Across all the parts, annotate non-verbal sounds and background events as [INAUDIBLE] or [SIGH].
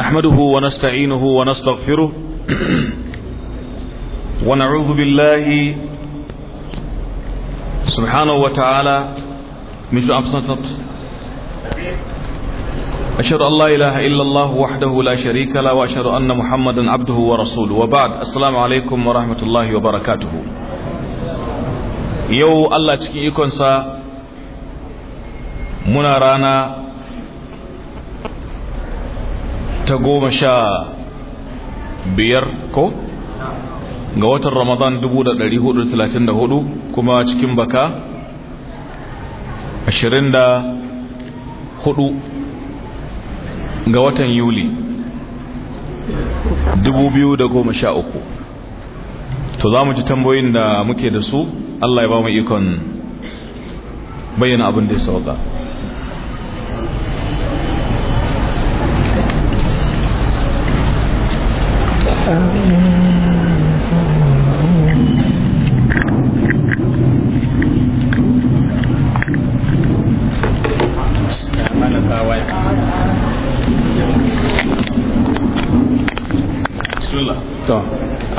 نحمده ونستعينه ونستغفره ونعوذ بالله سبحانه وتعالى من شو أبسطت أشهد أن لا إله إلا الله وحده لا شريك له وأشهد أن محمدا عبده ورسوله وبعد السلام عليكم ورحمة الله وبركاته يو الله تكي يكون سا منا رانا ta goma sha biyar ko ga watan ramadan 1434 kuma cikin baka 24 ga watan yuli 2013 to za mu ji tambayoyin da muke da su allah ya ba mu ikon bayyana abin da ya sauka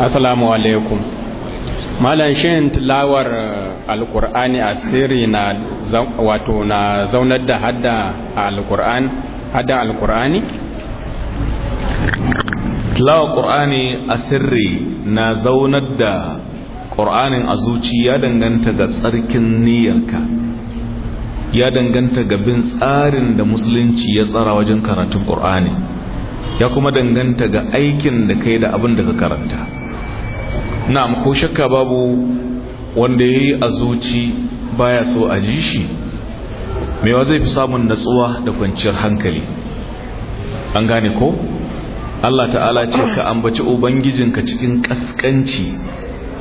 assalamu alaikum malam shin tilawar eh, alkur'ani a sirri na wato na zaunar da hadda alkur'ani hadda alkur'ani tilawa ƙur'ani a sirri na zaunar da ƙur'anin a zuci ya danganta ga tsarkin niyyarka ya danganta ga bin tsarin da musulunci ya tsara wajen karatun ƙur'ani ya kuma danganta ga aikin da kai da abin da ka karanta Na ko shakka babu wanda ya yi a zuci baya so a ji shi mewa zai fi samun natsuwa da kwanciyar hankali an gane ko Allah ta'ala ce ka ambaci ubangijinka cikin kaskanci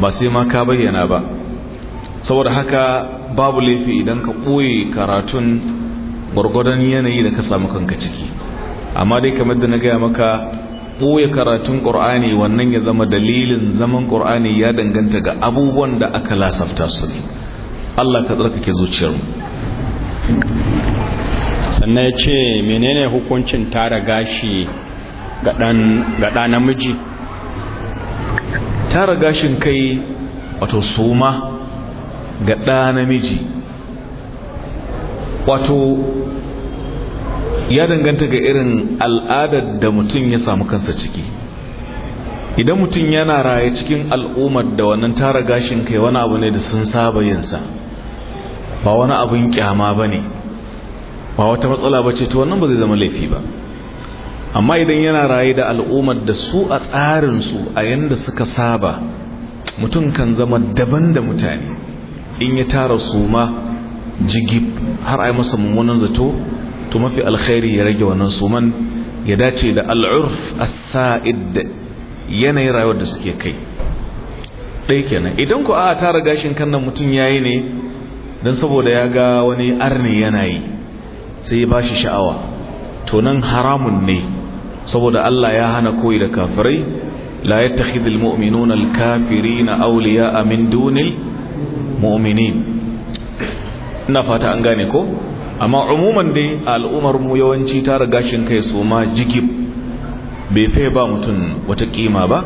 ba sai ma ka bayyana ba saboda haka babu laifi idan ka ɓoye karatun gwargwadon yanayi da ka samu kanka ciki amma dai kamar da na gaya maka ɓoye karatun ƙur'ani wannan ya zama dalilin zaman ƙur'ani ya danganta ga abubuwan da aka lasafta su ne Allah ka tsarkake zuciyarmu sannan ya ce menene hukuncin tara gashi ga ɗa namiji tara gashin kai wato suma ga ɗa namiji wato ya danganta ga irin al'adar da mutum ya samu kansa ciki idan mutum yana raye cikin al'ummar da wannan tara gashin kai wani abu ne da sun saba yinsa ba wani abin kyama ba ne ba wata matsala ba ce to wannan ba zai zama laifi ba amma idan yana raye da al'ummar da su a tsarinsu a yanda suka saba mutum kan zama daban da mutane in ya tara su ma jigib har a yi masa mummunan zato to mafi alkhairi ya rage wannan suman ya dace da al'urf asaid said yanayin rayuwar da suke kai ɗaya kenan idan ku a tara gashin kan nan mutum yi ne don saboda ya ga wani arni yanayi, sai ya shi sha'awa to nan haramun ne saboda Allah ya hana koyi da kafirai la yattakhidhu almu'minuna na awliya'a min dunil mu'minin ina fata an gane ko amma umuman dai al'umar mu yawanci ta riga shin kai suma ma jigib bai fai ba mutum wata kima ba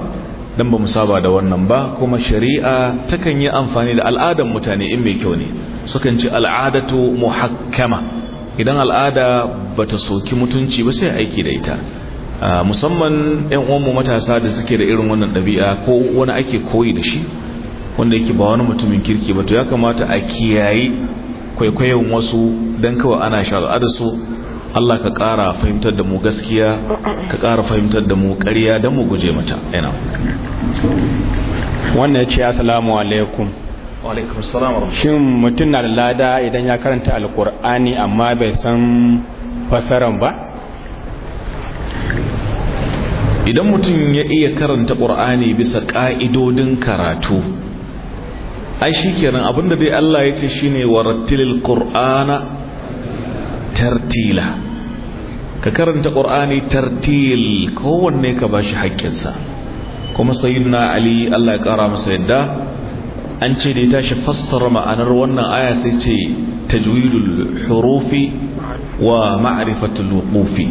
dan ba mu saba da wannan ba kuma shari'a takan yi amfani da al'adan mutane in mai kyau ne sukan ce al'adatu muhakkama idan al'ada bata soki mutunci ba sai aiki da ita Ah, musamman yan uwanmu matasa da suke da irin wannan ɗabi'a ko wani ake koyi da shi wanda yake ba wani mutumin kirki ba to ya kamata a kiyaye kwaikwayon wasu don kawai ana shari'a da su Allah ka ƙara fahimtar da mu gaskiya ka ƙara fahimtar da mu ƙarya don mu guje mata yana wannan ce assalamu alaikum alaikum salam shin mutum na da lada idan ya karanta Alƙur'ani amma bai san fasaran ba idan mutum ya iya karanta ƙur'ani bisa ƙa'idodin karatu ai shi kenan abinda dai Allah ya ce shi ne warattilil ƙur'ana tartila ka karanta ƙur'ani tartil kowanne ka ba shi haƙƙinsa kuma na ali Allah ya ƙara masa yadda an ce da ya tashi fassara ma'anar wannan aya sai ce tajwidul hurufi wa ma'rifatul wuqufi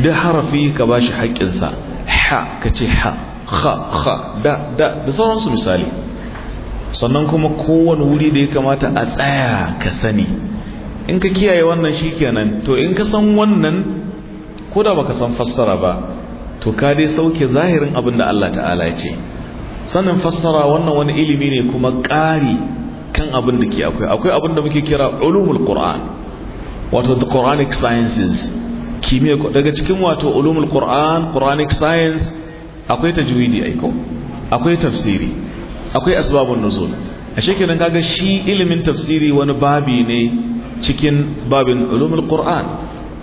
duk harafi ka ba shi haƙƙinsa ha ka ce ha ha ha da da da sauransu misali sannan kuma kowane wuri da ya kamata a tsaya ka sani in ka kiyaye wannan shi kenan, to in ka san wannan ko da baka san fassara ba to ka dai sauke zahirin abin da Allah ta'ala ya ce sannan fassara wannan wani ilimi ne kuma ƙari kan abin da ke akwai akwai abin da muke kira ulumul qur'an wato the quranic sciences kimiyya daga cikin wato ulumul qur'an quranic science akwai tajwidi aiko akwai tafsiri akwai asbabun nuzul a shekarun kaga shi ilimin tafsiri wani babi ne cikin babin ulumul qur'an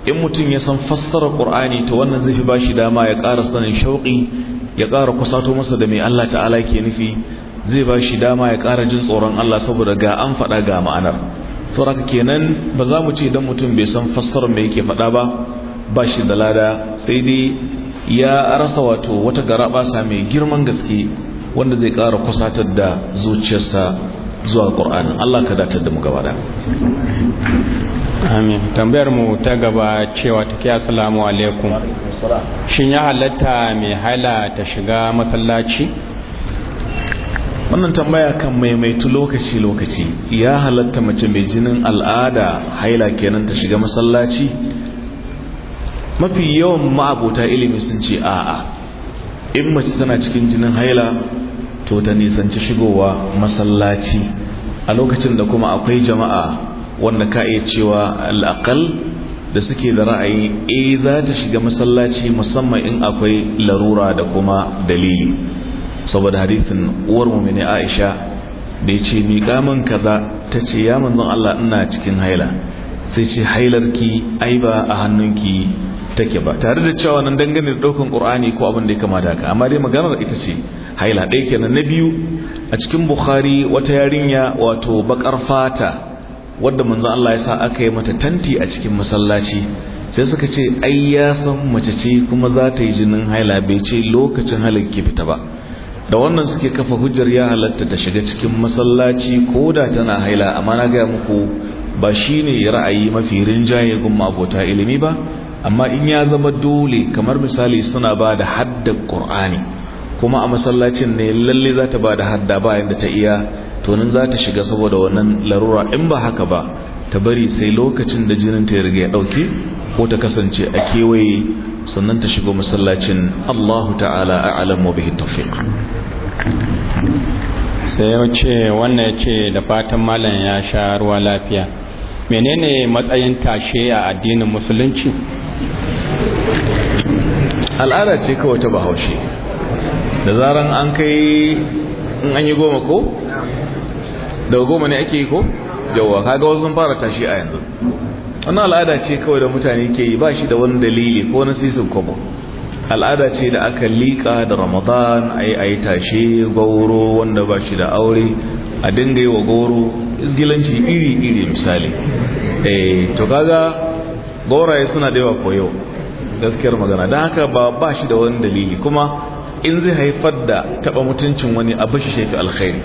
in mutum ya san fassara qur'ani to wannan zai fi bashi dama ya ƙara sanin shauƙi ya ƙara kusato masa da mai Allah ta'ala ke nufi zai bashi dama ya ƙara jin tsoron Allah saboda ga an faɗa ga ma'anar saboda kenan ba za mu ce dan mutum bai san fassarar mai yake faɗa ba ba shi da lada sai dai ya rasa wato wata garaɓasa mai girman gaske wanda zai ƙara kusatar da zuciyarsa zuwa ƙur'ani Allah ka datar da mu gaba da amin tambayar mu ta gaba cewa ta take salamu alaikum shin ya halatta mai haila ta shiga masallaci wannan tambaya kan maimaitu lokaci lokaci ya halatta mace mai jinin al'ada haila kenan ta shiga masallaci mafi yawan ma'abota ilimi sun ce a'a in mace tana cikin jinin haila to ta nisanci shigowa masallaci a lokacin da kuma akwai jama'a wanda ka iya cewa al'akal da suke da ra'ayi e za ta shiga masallaci musamman in akwai larura da kuma dalili saboda hadithin uwar mumini aisha da ya ce miƙa min kaza ta ce ya manzon Allah ina cikin haila sai ce hailarki ai ba a hannunki take ba tare da cewa nan dangane da daukan qur'ani ko abin da ya kama da amma dai maganar ita ce haila ɗaya kenan na biyu a cikin bukhari wata yarinya wato bakar fata wadda manzo Allah ya sa aka yi mata tanti a cikin masallaci sai suka ce ai ya san mace ce kuma za ta yi jinin haila bai ce lokacin halin ki fita ba da wannan suke kafa hujjar ya halatta ta shiga cikin masallaci ko da tana haila amma na gaya muku ba shine ra'ayi mafi rinjaye gun abota ilimi ba amma in ya zama dole kamar misali suna ba da haddar ƙur'ani kuma a masallacin ne lalle za ta ba da hadda bayan da ta iya tonin za ta shiga saboda wannan larura in ba haka ba ta bari sai lokacin da jinin ta riga ya ɗauke ko ta kasance a kewaye sannan ta shigo masallacin allahu ta'ala a'alamu bihi tawfiq sai ya ce wannan ya ce da fatan malam ya sha ruwa lafiya menene matsayin tashe a addinin musulunci al'ada ce kawai ta bahaushe da zaran an kai in an yi goma ko daga goma ne ake yi ko yawwa kaga wasu sun fara tashi a yanzu wannan al'ada ce kawai da mutane ke yi ba shi da wani dalili ko na sisin kwabo al'ada ce da aka liƙa da ramadan a yi a yi tashe gauro wanda ba shi da aure a dinga yi wa gauro isgilanci iri-iri misali eh, to kaga goraye suna da yawa koyo gaskiyar magana don haka ba ba shi da wani dalili kuma in zai haifar da taba mutuncin wani abu shi shafi alkhairi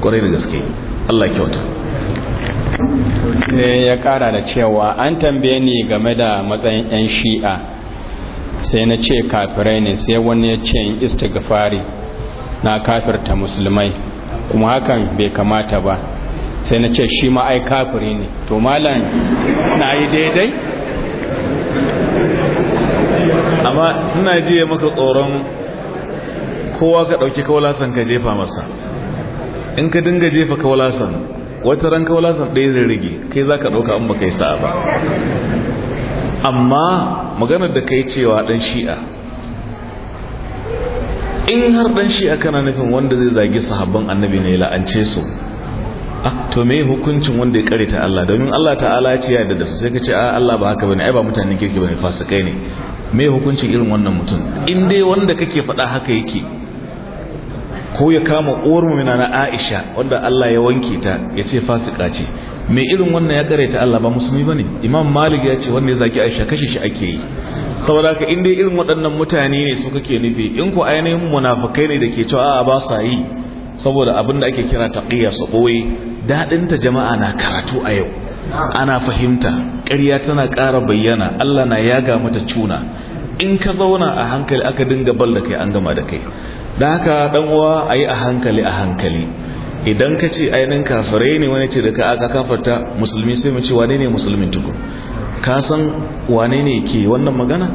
kwarai da gaske Allah kyauta sai ya kara da cewa an tambaye ni game da matsayin 'yan shi'a sai na ce kafirai ne sai wani ya ce in istighfari na kafirta musulmai kuma hakan bai kamata ba sai na ce shi ma ai kafiri ne to malam na yi daidai amma ina jiye maka tsoron kowa ka ɗauki kawalasan ka jefa masa in ka dinga jefa kawalasan wata ran kawalasan ɗaya zai rage kai za ka ɗauka an ba kai sa'a ba amma maganar da kai cewa ɗan shi'a in har ɗan shi'a kana nufin wanda zai zagi sahabban annabi ne la'ance su ah, to me hukuncin wanda ya ta Allah domin Allah ta'ala ya ce ya da su sai ka ce a Allah ba haka bane ai ba mutanen kirki bane fasikai ne me hukuncin irin wannan mutum in dai wanda kake faɗa haka yake ko ya kama uwar mumina na Aisha wanda Allah ya wanke ta ya ce fasika ce me irin wannan ya ta Allah ba musulmi bane Imam Malik ya ce wanda ya zaki Aisha kashe shi ake yi saboda haka in dai irin waɗannan mutane ne su kake nufi in ko ainihin munafikai ne da ke cewa a'a ba sa yi saboda abin da ake kira taqiya su boye dadin jama'a na karatu a yau ana fahimta ƙarya tana ƙara bayyana Allah na yaga mata cuna in ka zauna a hankali aka dinga bal da kai an gama da kai da haka dan uwa ayi a hankali a hankali idan ka ce ainihin kafirai ne wani ce da ka aka kafarta musulmi sai mu ce wane ne musulmin tukun ka san wane ne ke wannan magana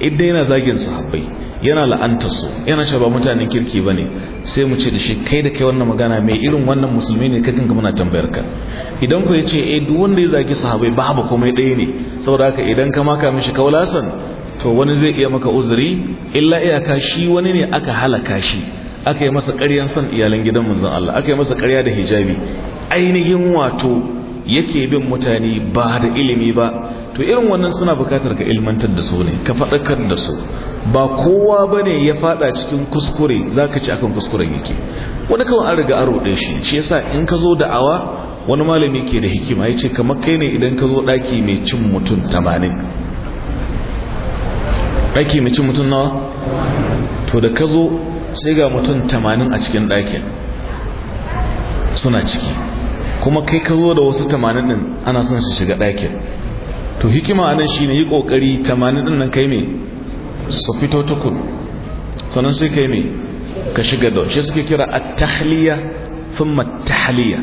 idan yana zagin sahabbai yana la'anta su yana cewa ba mutanen kirki ba ne sai mu ce da shi kai da kai wannan magana mai irin wannan musulmi ne kakin ka tambayar ka idan ku ya ce e duk wanda ya zagi sahabai babu komai ɗaya ne saboda haka idan ka maka mishi kawulasan to wani zai iya maka uzuri illa iyaka shi wani ne aka halaka shi aka yi masa ƙaryan son iyalan gidan manzon Allah aka yi masa ƙarya da hijabi ainihin wato yake bin mutane ba da ilimi ba to irin wannan suna bukatar ka ilmantar da su ne ka faɗakar da su ba kowa ba ne ya faɗa cikin kuskure za ka ci akan kuskuren yake wani kawai an riga aro ɗin shi shi yasa in ka zo da awa wani malami ke da hikima ya ce kamar kai ne idan ka zo ɗaki mai cin mutum tamanin ɗaki mai cin mutum nawa to da ka zo sai ga mutum tamanin a cikin ɗakin suna ciki kuma kai ka zo da wasu tamanin ɗin ana son su shiga ɗakin to hikima anan shi ne yi kokari 80 din nan kai ne su fito tukun sannan sai kai ne ka shiga da shi suke kira at-takhliya thumma at-tahliya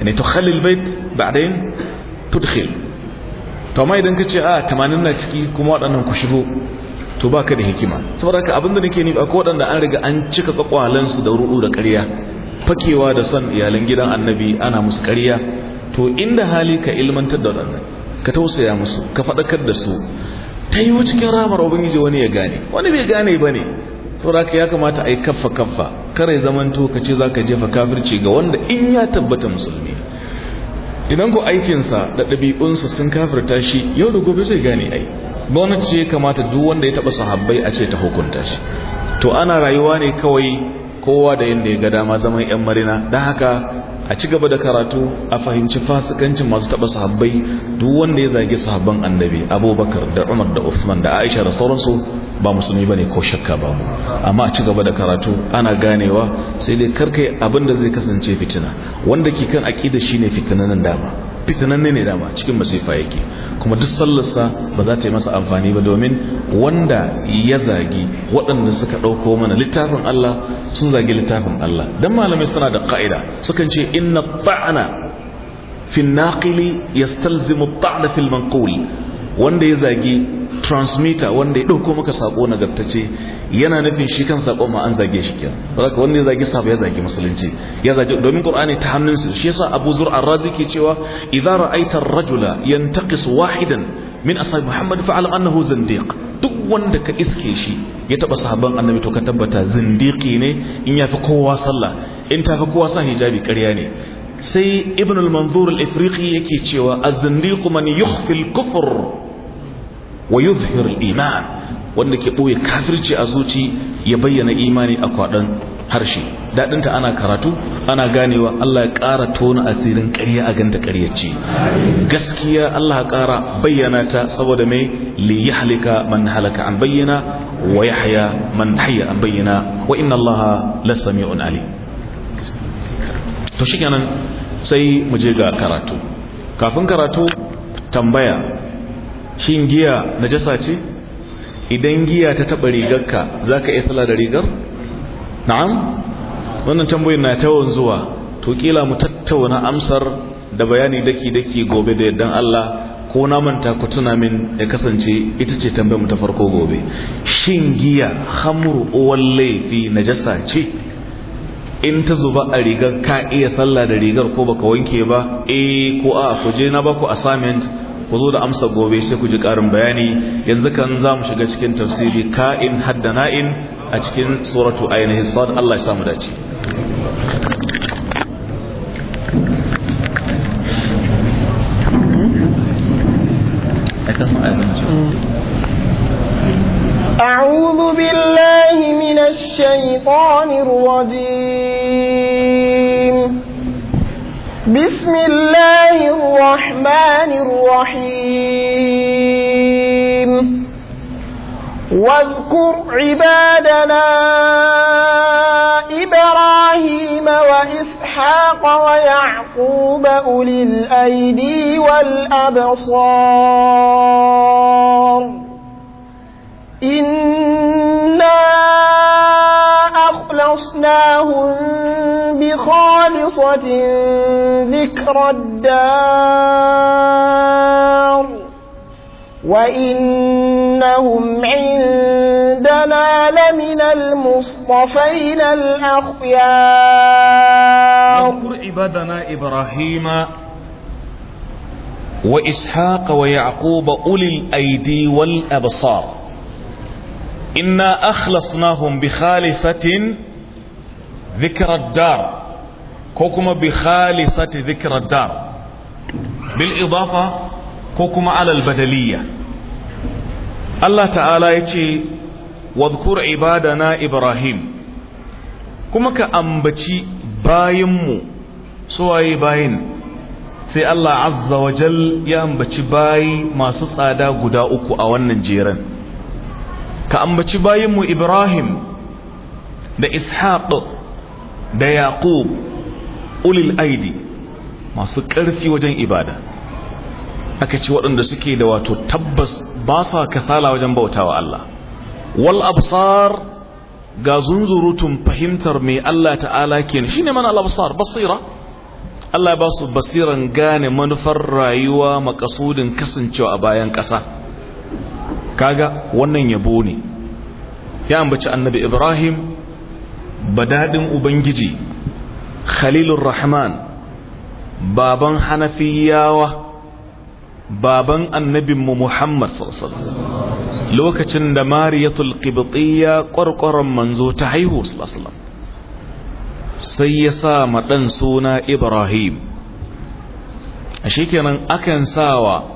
yani tukhalli al-bayt ba'dain tudkhil to amma idan kace a 80 na ciki kuma waɗannan ku shigo to baka da hikima saboda haka abinda nake ni ko waɗanda an riga an cika kwakwalansu da ruɗu da ƙarya fakewa da son iyalan gidan annabi ana musu ƙarya to inda hali ka ilmantar da waɗannan ka tausaya musu ka faɗakar da su ta yi cikin ramar ubangiji wani ya gane wani bai gane ba ne sauraka ya kamata a yi kaffa kaffa kare zamanto ka ce za ka jefa kafirci ga wanda in ya tabbata musulmi idan ku aikinsa da ɗabi'unsa sun kafirta shi yau da gobe zai gane ai wani ce kamata duk wanda ya taɓa sahabbai a ce ta hukunta shi to ana rayuwa ne kawai kowa da yadda ya ga dama zaman yan marina don haka a ci gaba da karatu a fahimci fasikancin masu taba sahabbai duk wanda ya zagi sahabban annabi abubakar da umar da uthman da aisha da sauransu ba musulmi ne ko shakka ba mu amma a ci gaba da karatu ana ganewa sai dai karkai abin da zai kasance fitina wanda ke kan shi shine nan dama fitananne ne dama cikin masifa yake kuma duk sallarsa ba za ta yi masa amfani ba domin wanda ya zagi waɗanda suka ɗauko mana littafin Allah sun zagi littafin Allah Don malamai suna da ƙa'ida sukan ce inna ta'ana fi naqili yastalzimu ta'na fil manqul wanda ya zagi transmitter wanda ya ɗauko maka sako nagartace yana nufin shi kan sakon ma an zage shi kenan saboda wanda ya zage sahaba ya zage musulunci ya zage domin qur'ani ta hannun su shi yasa Abu Zur ke cewa idza ra'aita ar-rajula yantaqis wahidan min ashab Muhammad fa'al annahu zindiq duk wanda ka iske shi ya taba sahaban annabi to ka tabbata zindiki ne in yafi kowa sallah in tafi kowa sa hijabi ƙarya ne sai ibn al-manzur al-ifriqi yake cewa az-zindiq man yukhfi al-kufr wa yuzhir al-iman wanda ke ɓoye kafirci a zuci ya bayyana imani a kwaɗon harshe daɗinta ana karatu ana ganewa Allah ya ƙara tona asirin ƙarya a ganta ƙaryacci gaskiya Allah ya ƙara bayyana ta saboda mai li yahlika man halaka an bayyana wa yahya man hayya an bayyana wa inna Allah la sami'un ali to shikenan sai mu je ga karatu kafin karatu tambaya shin giya najasa ce idan giya ta taɓa rigarka za ka iya sala da rigar? na'am wannan tambayin na tawon zuwa to kila mu tattauna amsar da bayani daki-daki gobe da yadda Allah ko na manta ku tuna min ya kasance ita ce tambayar mu ta farko gobe shin giya hamru uwan laifi najasa ce in ta zuba a rigar ka iya sallah da rigar ko baka wanke ba eh ko a kuje na baku assignment ku zo da amsa gobe sai ku ji ƙarin bayani yanzu kan za mu shiga cikin tafsiri ka'in hadda na'in a cikin suratu ainihi sad Allah ya samu dace أعوذ بالله من الشيطان الرجيم بسم الله الرحمن الرحيم واذكر عبادنا إبراهيم وإسحاق ويعقوب أولي الأيدي والأبصار إِنَّا أخلصناهم بخالصة ذكر الدار وإنهم عندنا لمن المصطفين الأخيار واذكر عبادنا إبراهيم وإسحاق ويعقوب أولي الأيدي والأبصار inna akhlasnahum bi khalisatin dhikra dar ko kuma bi dar bil idafa ko kuma ala al badaliyya Allah ta'ala yace ibada na ibrahim kuma ka ambaci bayinmu suwaye bayin sai Allah azza wa ya ambaci bayi masu tsada guda uku a wannan jeran ka ambaci bayinmu ibrahim da ishaq da yaqub ulil aidi masu ƙarfi wajen ibada aka ci waɗanda suke da wato tabbas ba sa kasala wajen bautawa Allah wal absar ga zunzurutun fahimtar mai Allah ta'ala kenan shine mana al absar basira Allah ba su basiran gane manufar rayuwa makasudin kasancewa a bayan ƙasa kaga wannan yabo ne ya ambaci annabi ibrahim Badaɗin ubangiji khalilun rahman baban hanafiyawa baban annabinmu muhammad sosai. lokacin da mariyatul qibtiyya ƙwarƙwaron manzo ta haihu sallallahu sai ya sa maɗan suna ibrahim a kenan akan sawa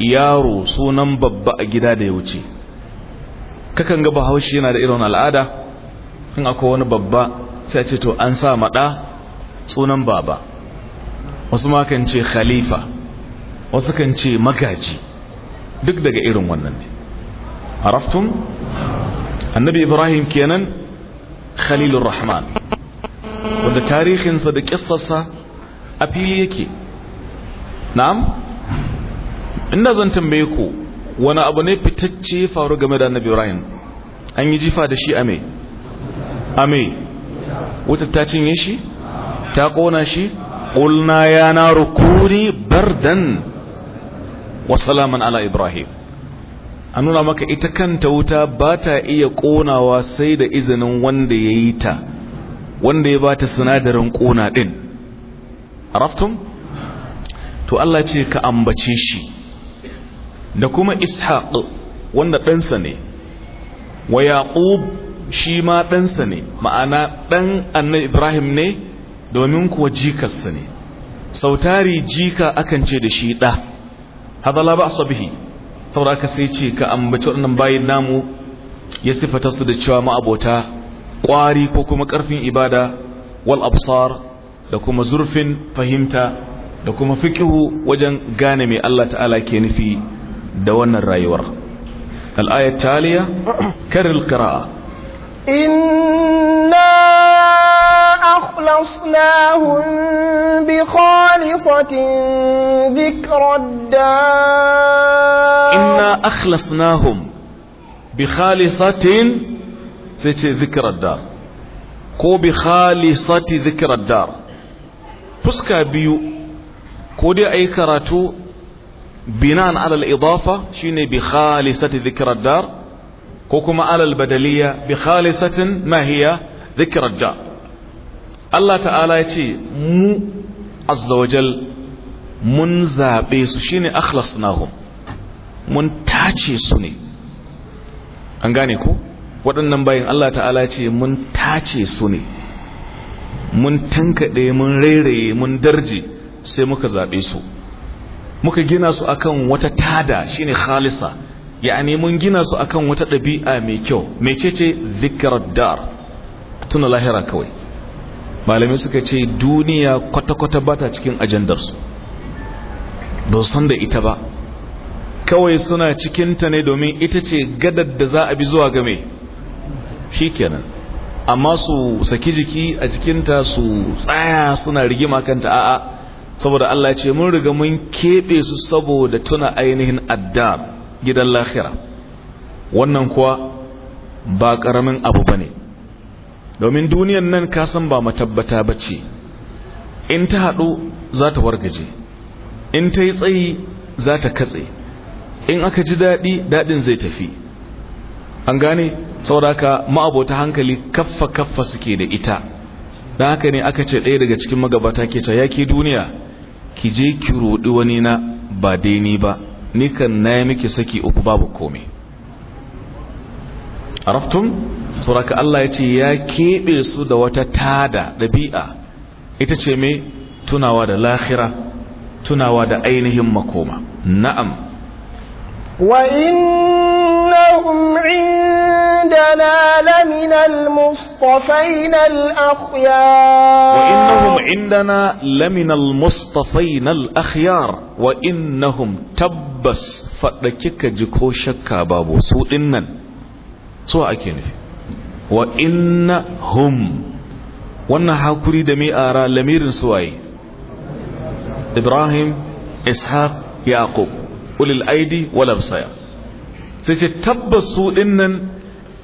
yaro sunan babba a gida da ya wuce kakan ga bahaushe yana da irin al'ada kan akwai wani babba sai ce to an sa maɗa sunan baba wasu ma kan ce khalifa wasu kan ce magaji duk daga irin wannan ne araftun annabi ibrahim kenan khalilur rahman wanda tarihinsa da kissarsa a fili yake na'am inda zan tambaye ku wani abu ne fitacce faru game da annabi ibrahim an yi jifa da shi a me a mai ta cinye shi ta kona shi ƙulna ya na rukuni bardan wasalaman ala ibrahim an nuna maka ita kanta wuta ba ta iya ƙonawa sai da izinin wanda ya yi ta wanda ya ba ta sinadarin ƙona ɗin raftun to allah ce ka ambace shi da kuma ishaq wanda ɗansa ne wa yaqub shi ma ɗansa ne ma'ana ɗan annan ibrahim ne domin kuwa jikarsa ne sautari jika akan ce da shi ɗa hadala ba a bihi saboda aka sai ce ka ambaci waɗannan bayan namu ya sifata su da cewa ma'abota ƙwari ko kuma ƙarfin ibada wal absar da kuma zurfin fahimta da kuma fiƙihu wajen gane mai Allah ta'ala ke nufi دون الرايور الآية التالية [COUGHS] كرر القراءة إنا أخلصناهم بخالصة ذكر الدار إنا أخلصناهم بخالصة ذكر الدار كو بخالصة ذكر الدار dar بيو كودي أي كراتو Binaan alal idafa shine bi khalisati dhikrar dar ko kuma alal badaliya bi khalisatin ma hiya dhikrar Allah ta'ala ya ce mu azzawajal mun zabe su shine akhlasnahum mun tace su ne an gane ko waɗannan bayan Allah ta'ala ce mun tace su ne mun tankade mun rairaye mun darje sai muka zaɓe su muka gina su akan wata tada shine khalisa yani mun gina su akan wata ɗabi'a mai kyau mai cece zikrar dar tuna lahira kawai malamai suka ce duniya kwata-kwata ba ta cikin su, ba san da ita ba kawai suna cikinta ne domin ita ce gadar da za a bi zuwa game shi kenan amma su saki jiki a cikinta su tsaya suna rigima kanta a'a saboda Allah ce mun riga mun keɓe su saboda tuna ainihin addab gidan lahira wannan kuwa ba ƙaramin abu bane domin duniyan nan kasan ba matabbata ba ce in ta haɗu za ta wargaje in ta yi tsayi za ta katse in aka ji daɗi daɗin zai tafi an gane saboda haka ma'abota hankali kaffa kaffa suke da ita dan haka ne aka ce ɗaya daga cikin magabata ke ta yaki duniya ki je ki rudi wani na ba daini ba nikan na yi miki saki uku babu komai araftun suraka Allah ya ce ya keɓe su da wata tada ɗabi'a ita ce mai tunawa da lahira tunawa da ainihin makoma na'am wa innahum عندنا لمن المصطفين الأخيار وإنهم عندنا لمن المصطفين الأخيار وإنهم تبس فأكيك جكو شكا بابو سوء إنن سوء أكين في وإنهم وأن حاكري دمي آراء لمير سوء إبراهيم إسحاق يعقوب أولي الأيدي والأبصير sai ce tabbas su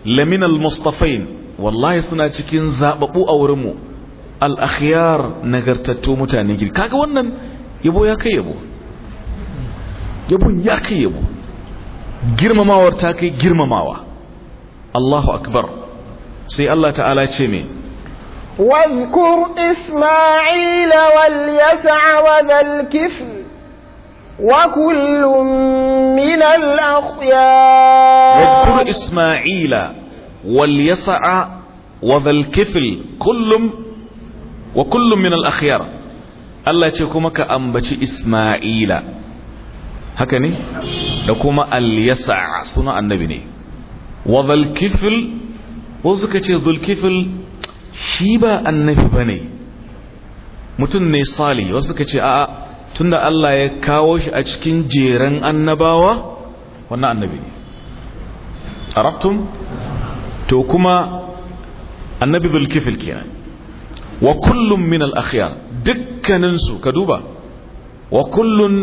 lamin al-mustafain wallahi suna cikin zababu a wurinmu al-akhyar nagartattu mutanen gir kaga wannan yabo ya kai yabo yabon ya kai yabo girmamawar ta kai girmamawa Allahu akbar sai Allah ta'ala ce me واذكر إسماعيل واليسع وذا الكفل وكل من الأخيار واذكر إسماعيل واليسع وذا الكفل كل وكل من الأخيار الله تكومك أنبت إسماعيل هكني نكوم اليسع صنع النبي وذا الكفل وزكة ذو الكفل شيبا النبي بني متن نيصالي وزكة آآ آه, آه. tunda Allah ya kawo shi a cikin jeren annabawa wannan annabi ne arabtum to kuma annabi zulkifil kenan wa kullum min al-akhyar dukkanin su ka duba wa kullun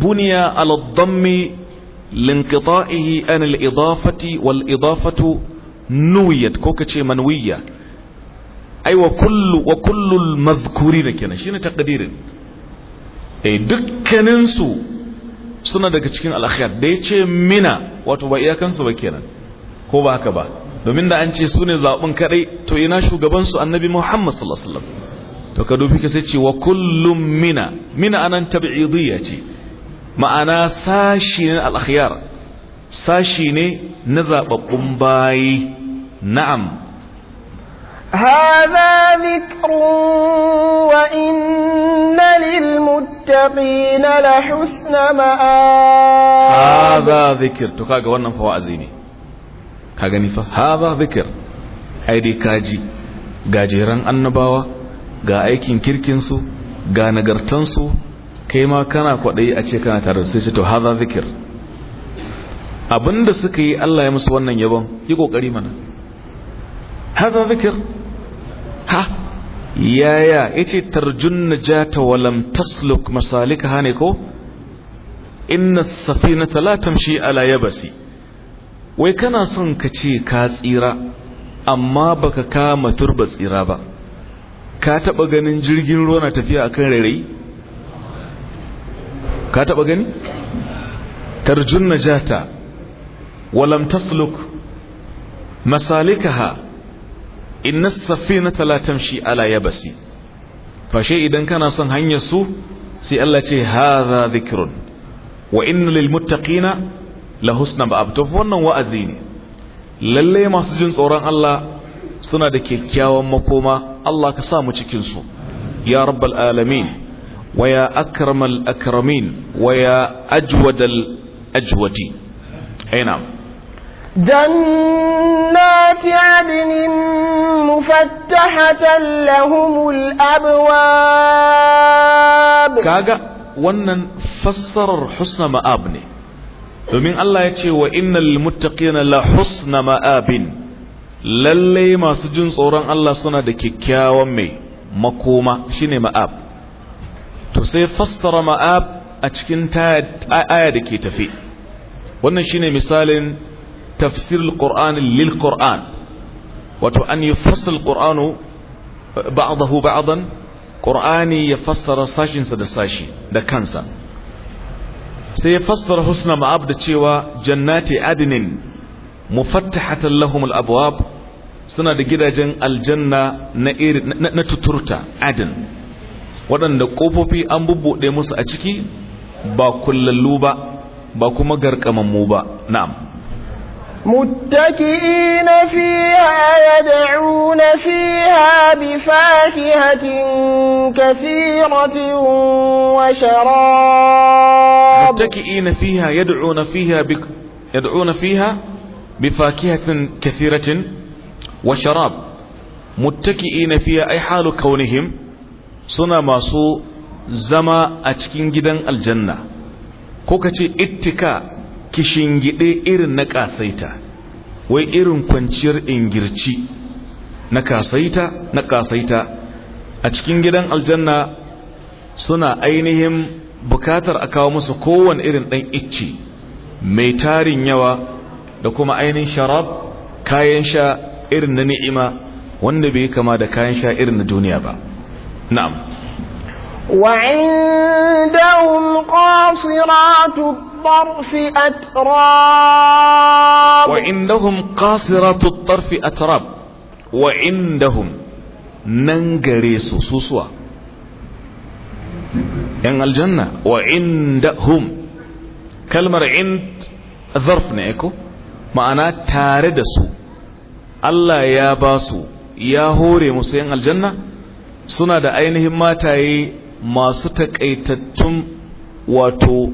buniya ala dhammi linqita'ihi an al-idafati wal idafatu nuwiyat ko kace manwiya ai wa kullu wa kullul madhkurina kenan shine taqdirin Eh, dukkaninsu suna daga cikin al'akhiyar da ya ce mina wato ba iyakansu ba kenan ko ba haka ba domin da an ce su ne zaɓin kaɗai to ina shugabansu annabi muhammad sallallahu alaihi to ka dubi ka sai ce wa kullum mina mina anan tabi'idiyya ce ma'ana sashi ne al'akhiyar sashi ne na zaɓaɓɓun bayi na'am هذا ذكر وإن للمتقين لحسن مآب هذا ذكر تكاغا wannan fawazi ne ka gani fa haba zikir ai dai kaji gajeran annabawa ga aikin kirkin su ga nagartan su kai ma kana kwadayi a ce kana tare da su to haba zikir abinda suka yi Allah ya musu wannan yabon yi kokari mana haza zikir ha yaya yace tarjun najata wa masalikaha ne ko In inna na la shi ala yabasi wai kana son ka ce ka tsira amma baka kama turba tsira ba ka taba ganin jirgin ruwa na tafiya akan rairayi ka tarjun najata wa masalikaha inna safinata la tamshi ala yabasi fashe idan kana son hanyar su sai Allah ce hadha dhikrun wa inna lil muttaqina la husna ma'ab to wannan wa'azi ne lalle masu jin tsoron Allah suna da kyakkyawan makoma Allah ka sa mu cikin su ya rabbal alamin wa ya akramal akramin wa ya ajwadal ajwadi جنات عدن مفتحة لهم الأبواب كاغا wannan fassarar husna ma'ab ne domin Allah ya ce wa innal muttaqina la husna ma'abin lalle masu jin tsoron Allah suna da kyakkyawan mai makoma shine ma'ab to sai fassara ma'ab a cikin aya da ke tafi wannan shine misalin tafsir al-qur'an lil qur'an wato an yufassal qur'anu ba'dahu ba'dan qur'ani ya fassara sashin sa da sashi da kansa sai ya fassara husna ma'ab cewa jannati adnin mufattahatan lahum al-abwab suna da gidajen aljanna na tuturta adin waɗanda ƙofofi an bubbuɗe musu a ciki ba kullallu ba ba kuma garkamammu ba na'am متكئين فيها يدعون فيها بفاكهة كثيرة وشراب متكئين فيها يدعون فيها يدعون فيها بفاكهة كثيرة وشراب متكئين فيها أي حال كونهم صنع ماسو زما أتكين جدا الجنة كوكتي اتكاء kishingide irin na kasaita wai irin kwanciyar ingirci na kasaita na kasaita a cikin gidan aljanna suna ainihin bukatar a kawo musu kowane irin dan icci mai tarin yawa da kuma ainihin sharab kayan sha irin na ni'ima wanda bai kama da kayan sha irin na duniya ba na'am وعندهم قاصرات الطرف أتراب وعندهم قاصرات الطرف أتراب وعندهم ننجريس سوسوا يعني الجنة وعندهم كلمة عند ظرف نيكو معناه تاردسو da يا Allah يا هوري su ya hore musu أينهم ما suna masu takaitattun wato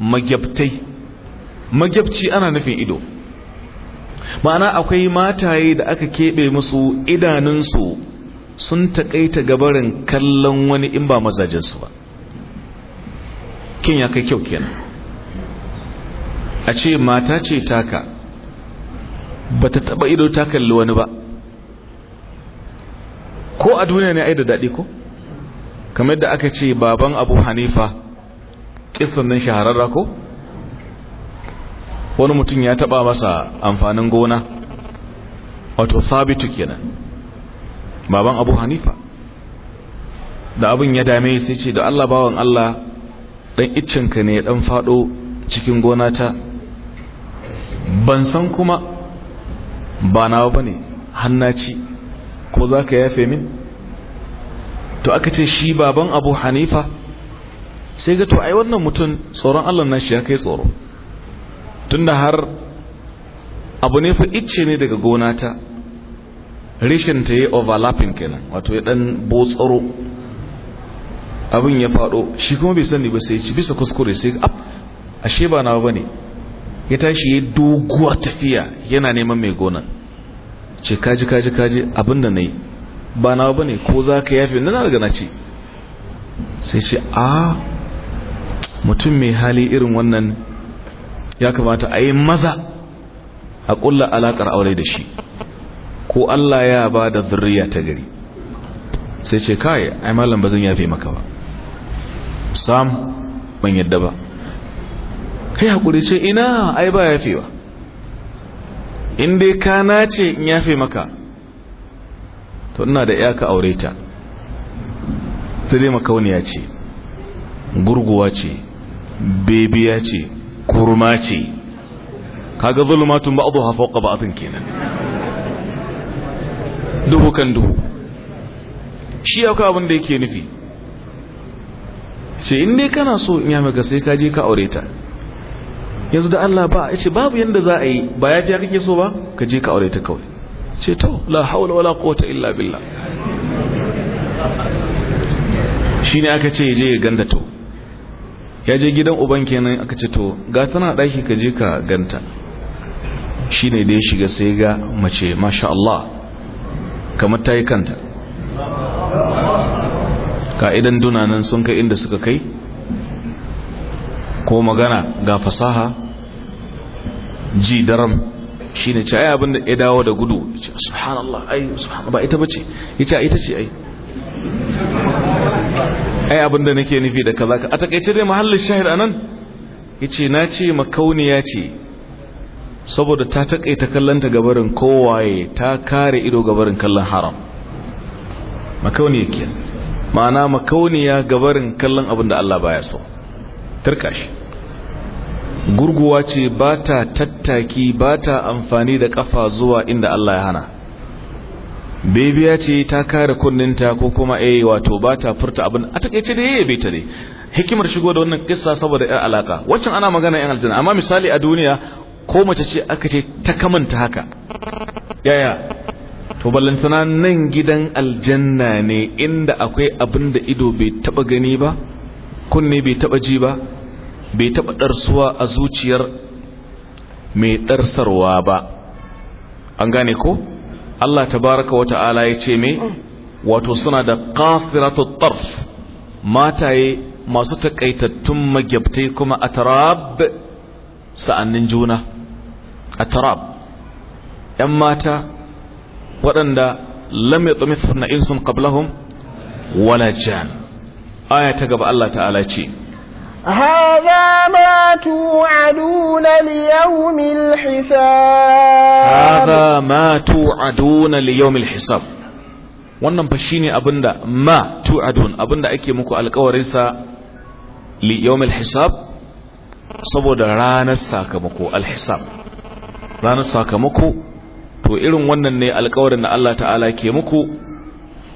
magyabtai magyabci ana nufin ido ma'ana akwai mataye da aka keɓe musu idanunsu sun takaita gabarin kallon wani in ba mazajensu ba kin ya kai kyau kenan a ce mata ce taka ba ta taɓa ido ta kalli wani ba ko a duniya ne ai da daɗi ko kamar da aka ce baban abu hanifa kisan nan shahararra ko wani mutum ya taba masa amfanin gona wato sabitu kenan baban abu hanifa da abin ya dame sai ce da allah bawan allah dan iccinka ne dan fado cikin gona ta ban san kuma ba nawa bane hannaci ko za ka yafe min to aka ce shi baban abu hanifa sai ga to ai wannan mutum tsoron allah nashi ya kai tsoro tunda har abu ne fa icce ne daga gona ta reshen ta yi overlapping kenan wato ya dan botsaro abin ya fado shi kuma bai sani ba sai ci bisa kuskure sai ga ashe ba ba ne ya tashi ya doguwar tafiya yana neman mai gona. ce kaji kaji kaji abin da nayi ba na bane ko za ka yafe nuna daga na ce sai ce a mutum mai hali irin wannan ya kamata a yi maza a ƙulla alaƙar aure da shi ko Allah ya ba da zurriya ta gari sai ce kai ai malam ba zan yafe maka ba sam ban yadda ba kai hakuri ce ina ai ba yafewa in dai ka nace in yafe maka to ina da ya ka aure ta sai makauniya ce gurguwa ce bebiya ce kurma ce kaga zulmatun ba'dhu ha fawqa ba'dhin kenan duhu kan duhu shi ya abin da yake nufi ce in kana so in ya maka sai ka je ka aure ta yanzu da Allah ba ya ce babu yadda za a yi ba ya ka kake so ba ka je ka aure ta kawai ce to la haula wala quwwata illa billah shine aka ce je ganta to ya je gidan uban kenan aka ce to ga tana daki ka je ka ganta shine da ya shiga sai ga mace masha Allah kamar tayi kanta Ka idan dunanan sun kai inda suka kai ko magana ga fasaha ji daram shi ne ce ai abin da ya dawo da gudu ce subhanallah ai subhanallah ba ita bace ya ce ita ce ai ai abin da nake nufi da kaza ka a takaice dai mahallin shahid anan ya ce na ce makauniya ce saboda ta takaita kallonta gabarin kowaye ta kare ido gabarin kallon haram makauniya ke ma'ana makauniya gabarin kallon abin da Allah baya so tarka shi gurguwa ce ba ta tattaki ba ta amfani da ƙafa zuwa inda Allah ya hana bebiya ce ta kare kunninta ko kuma eh wato ba ta furta abin a takaice da yi ta ne hikimar shigo da wannan kissa saboda yar alaka waccan ana magana yan aljanna amma misali a duniya ko mace ce aka ce ta kamanta haka yaya to ballantana nan gidan aljanna ne inda akwai abin da ido bai taba gani ba kunne bai taba ji ba bai taɓa ɗarsuwa a zuciyar mai ɗarsarwa ba an gane ko Allah tabaraka wa ta'ala ya ce me wato suna da qasiratu tarf mataye masu takaitattun magyabtai kuma tarab sa'annin juna tarab. yan mata waɗanda lam na insun qablahum wala jan aya ta gaba Allah ta'ala ce هذا ما توعدون ليوم الحساب هذا ما توعدون ليوم الحساب wannan fa shine abinda ma tu'adun abinda ake muku alƙawarin sa li yawmil hisab saboda ranar sakamako alhisab ranar sakamako to irin wannan ne alƙawarin da Allah ta'ala ke muku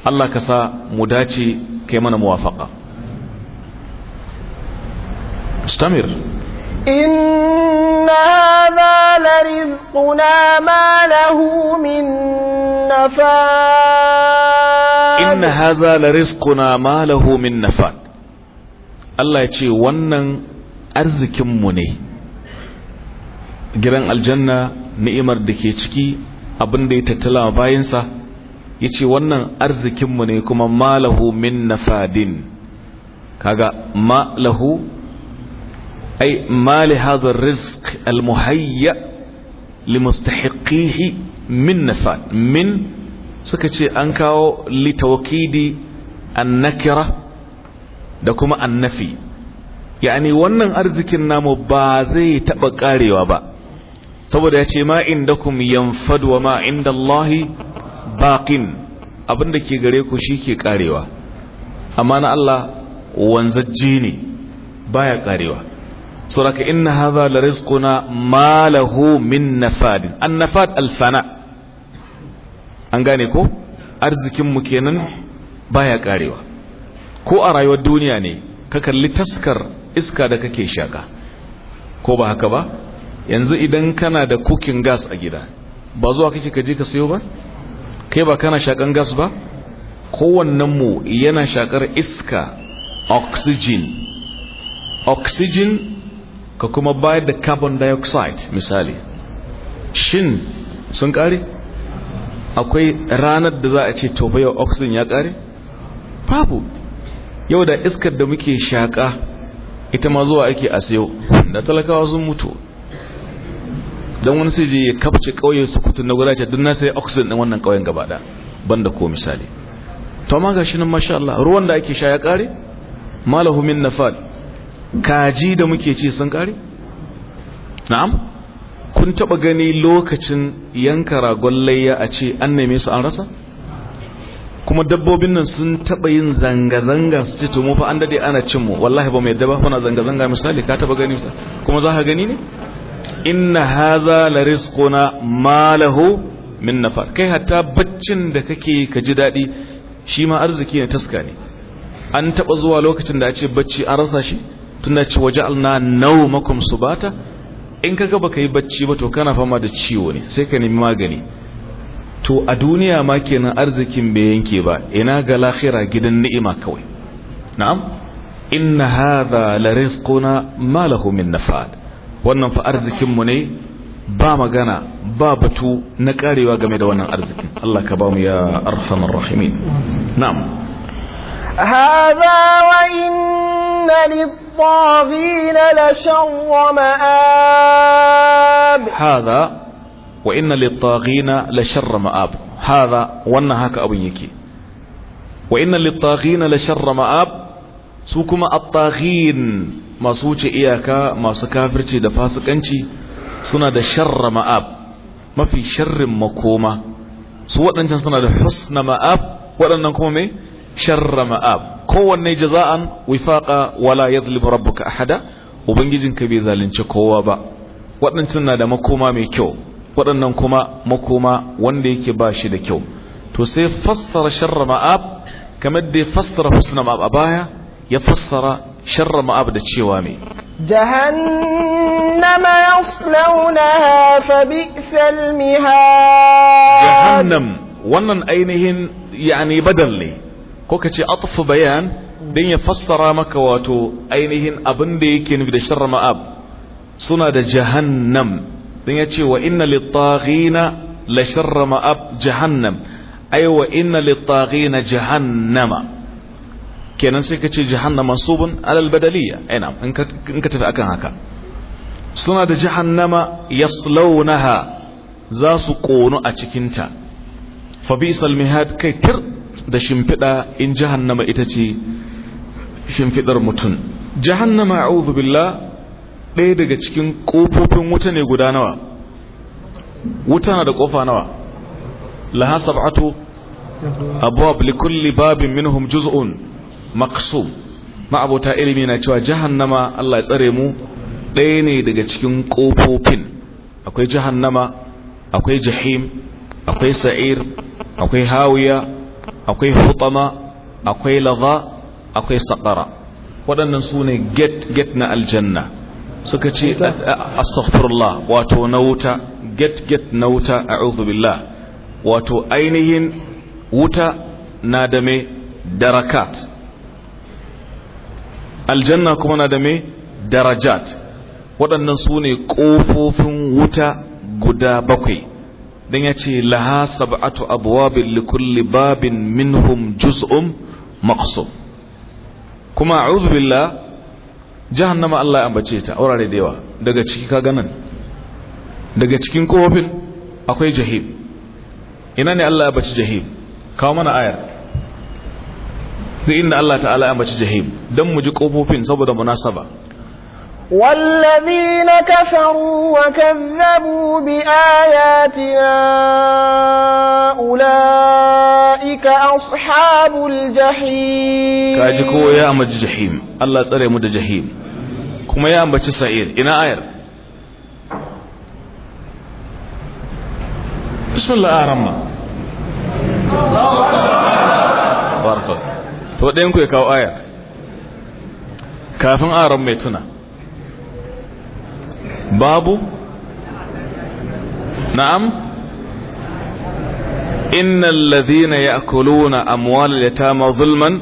Allah ka sa mu dace kai mana muwafaqa استمر إن هذا لرزقنا ما له من نفاد إن هذا لرزقنا ما له من نفاد الله يتشي ونن أرزك مني جران ni'imar da ke ciki abin da ya tattala bayansa ya ce wannan arzikinmu ne kuma malahu min nafadin kaga malahu Ai, أي ما لهذا الرزق المهيأ لمستحقيه من نفاد من سكتي أنكاو لتوكيد النكرة دكما النفي يعني wannan arzikin namu ba zai taɓa ƙarewa ba saboda ya ce ma inda yanfad wa ma indallahi baqin abinda ke gare ku ke ƙarewa. amma na Allah wanzajje ne baya ƙarewa. sauraka inna hadha la rizquna ma lahu min nafad an nafad al fana an gane ko arzikin mu kenan baya karewa ko a rayuwar duniya ne ka kalli taskar iska da kake shaka ko ba haka ba yanzu idan kana da cooking gas a gida ba zuwa kake kaje ka sayo ba kai ba kana shakan gas ba kowannen mu yana shakar iska oxygen oxygen ka kuma bayar da carbon dioxide misali shin sun kare akwai ranar da za a ce tobe yau oxygen ya kare babu yau da iskar da muke shaƙa ita ma zuwa ake a sayo da talakawa sun mutu don wani sai je ya kafce ƙauyen kutu na gudace don na sai oxygen ɗin wannan ƙauyen gabaɗa ban da ko misali to ma ga shi nan masha Allah ruwan da ake sha ya kare malahu min nafal kaji da muke ci sun kare na'am kun taba gani lokacin yanka ragon layya a ce an neme su an rasa kuma dabbobin nan sun taba yin zanga-zanga su ce to mu fa an dade ana cin mu wallahi ba mu yadda ba na zanga-zanga misali ka taba gani kuma za ka gani ne inna haza la rizquna ma lahu min nafa kai hatta baccin da kake ka ji dadi shi ma arziki ne taska ne an taba zuwa lokacin da a ce bacci an rasa shi tunda ce waje alna nau makum subata in kaga ka yi bacci ba to kana fama da ciwo ne sai ka nemi magani to a duniya ma kenan arzikin bai yanke ba ina ga lahira gidan ni'ima kawai na'am inna hadha la rizquna ma lahu min nafad wannan fa arzikin mu ne ba magana ba batu na karewa game da wannan arzikin Allah ka ba mu ya arhamar rahimin na'am hadha wa inna للطاغين لشر مآب هذا وإن للطاغين لشر مآب هذا وانا هكا أبن وإن للطاغين لشر مآب سوكما الطاغين ما سوچ إياكا ما سكافرتي دفاسك أنتي سنة شر مآب ما في شر مكومة سوى أنت سنة حسن مآب waɗannan kuma sharra ma'ab kowanne jaza'an wifaqa wala yadhlimu rabbuka ahada ubangijinka bai zalunci kowa ba waɗancan na da makoma mai kyau waɗannan kuma makoma wanda yake ba shi da kyau to sai fassara sharra ma'ab kamar da fassara husna ma'ab a baya ya fassara sharra ma'ab da cewa mai جهنم يصلونها فبئس المهاد جهنم wannan ainihin yani badal ne ko ka ce atfu bayan don ya fassara maka wato ainihin abin da yake nufi da sharra ma'ab suna da jahannam don ya ce wa inna littaghina la sharra ma'ab jahannam ai wa inna littaghina jahannama kenan sai ka ce jahannama subun alal badaliya ina in ka tafi akan haka suna da jahannama yaslaunaha za su kono a cikinta fa bisal mihad kai tir da shimfiɗa in jahannama ita ce shimfiɗar mutum jahannama a'udhu billah ɗaya daga cikin ƙofofin wuta ne guda nawa wuta na da ƙofa nawa laha sab'atu abwab likulli babin minhum juz'un maqsum ma'abota ilimi na cewa jahannama Allah ya tsare mu ɗaya ne daga cikin ƙofofin akwai jahannama akwai jahim akwai sa'ir akwai hawiya akwai hutama akwai laza akwai sakara waɗannan su ne get-get na aljanna suka ce astaghfirullah wato na wuta get-get na wuta a billah wato ainihin wuta na da me darakat aljanna kuma na da me darajat waɗannan su ne ƙofofin wuta guda bakwai dan ya ce laha sab'atu abwabin likulli babin minhum juz'um maqsum kuma a'udhu billah jahannama Allah ya ambace ta aurare da yawa daga ciki ka ganan daga cikin kofin akwai jahim ina ne Allah ya ambaci jahim kawo mana ayar da inda Allah ta'ala ya ambaci jahim dan mu ji kofofin saboda munasaba والذين كفروا وكذبوا بآياتنا أولئك أصحاب الجحيم كاجكو يا أم الجحيم الله سأل يا جحيم كما يا أم سعير إنا آير بسم الله الرحيم بارك الله فقد ينكو كاو آير كافن أرمى تنا باب نعم إن الذين يأكلون أموال اليتامى ظلما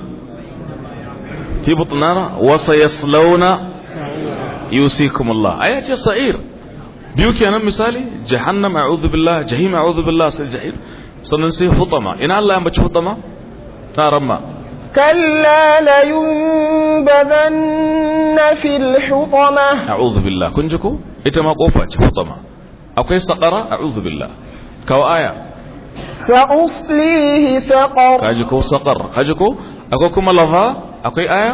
في بطننا وسيصلون يوسيكم الله آيات صعير بيوكي أنا نعم مثالي جهنم أعوذ بالله جهيم أعوذ بالله سيد جهيم سننسي فطمة إن الله أمبج حطمة نارما كلا لينبذن في الحطمة أعوذ بالله كنجكو ita ma kofa ce hutama akwai saqara a'udhu billah kawo aya sa'uslihi saqar kaji ko saqar kaji ko akwai kuma lafa akwai aya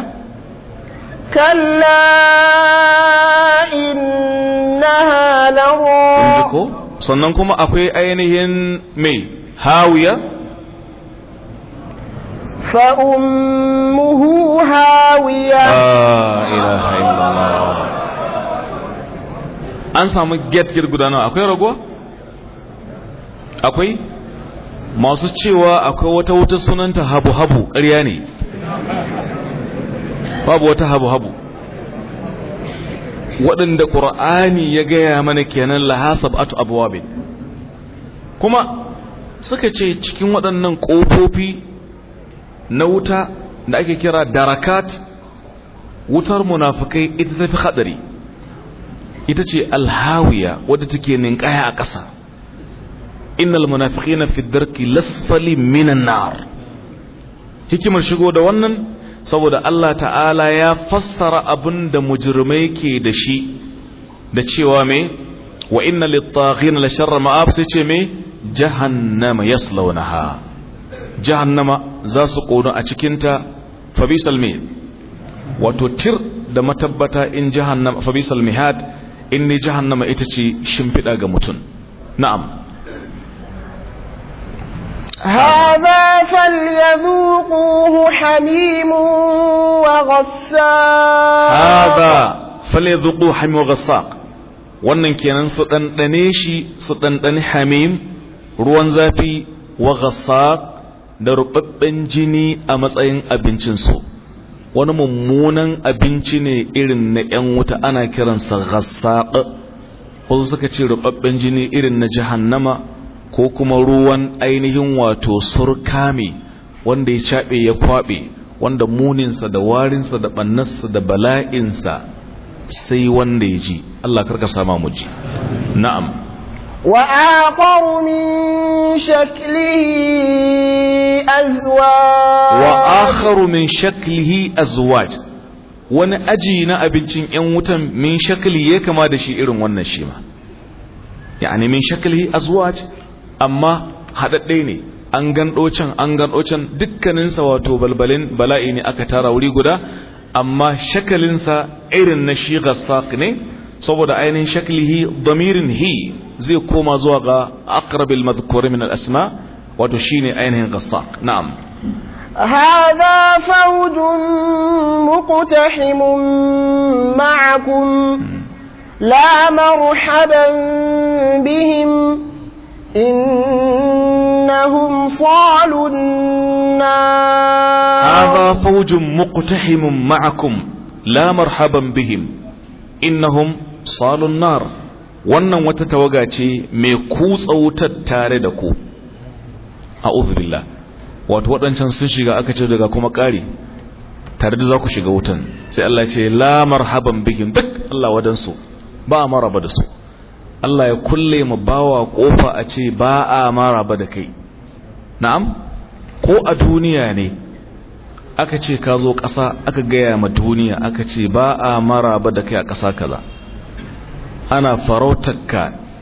kalla innaha lawa ko sannan kuma akwai ainihin mai hawiya fa ummuhu hawiya la ilaha illallah an samu get get guda akwai ragowa akwai masu cewa akwai wata wuta sunanta habu habu ƙarya ne babu wata habu habu waɗanda ƙur'ani ya gaya mana kenan lahasab atu abuwabin kuma suka ce cikin waɗannan ƙofofi na wuta da ake kira darakat wutar munafukai ita tafi haɗari ita ce alhawiya wadda take ninkaya a ƙasa innal munafiqina fi darki lasfali minan nar hikimar shigo da wannan saboda Allah ta'ala ya fassara abin da mujrimai ke da shi da cewa me wa inna lit-taghina la sharra ma'ab sai ce me jahannama yaslawnaha jahannama za su kono a cikin ta fabisal me wato tir da matabbata in jahannama fabisal mihad in ne jahannama ita ce shimfiɗa ga mutum na'am هذا فليذوقوه حميم وغساق هذا فليذوقوه حميم وغساق wannan kenan su ɗanɗane shi su dandane hamim ruwan zafi wa da rubabben jini a matsayin abincinsu wani mummunan abinci ne irin na 'yan wuta ana kiransa ghassaq wasu suka ce rubabben jini irin na jahannama ko kuma ruwan ainihin wato surkami wanda ya caɓe ya kwaɓe wanda muninsa da warinsa da ɓannarsa da bala'insa sai wanda ya ji Allah karka sama mu ji na'am وآخر من شكله wani aji na abincin 'yan wutan min shakli ya kama da shi irin wannan shi ma ya'ani min shakli azwaj amma haɗaɗɗe ne an ganɗo can dukkaninsa wato balbalin bala'i ne aka tara wuri guda amma shakalinsa irin na shi ne saboda ainihin shaklihi damirin hi zai koma zuwa ga aqrabil madhkuri min al-asma wato shine ainihin ghassaq na'am هذا فوج مقتحم معكم لا مرحبا بهم إنهم صالوا النار هذا فوج مقتحم معكم لا مرحبا بهم إنهم salun nar wannan wata tawaga ce mai kutsa wutar tare da ku a uzubillah wato waɗancan sun shiga aka ce daga kuma ƙari tare da za ku shiga wutan sai Allah ce lamar haban bikin duk Allah waɗansu, ba a maraba da su Allah ya kulle mu bawa ƙofa a ce ba a maraba da kai na'am ko a duniya ne aka ce ka zo ƙasa aka gaya ma duniya aka ce ba a maraba da kai a ƙasa kaza ana farautarka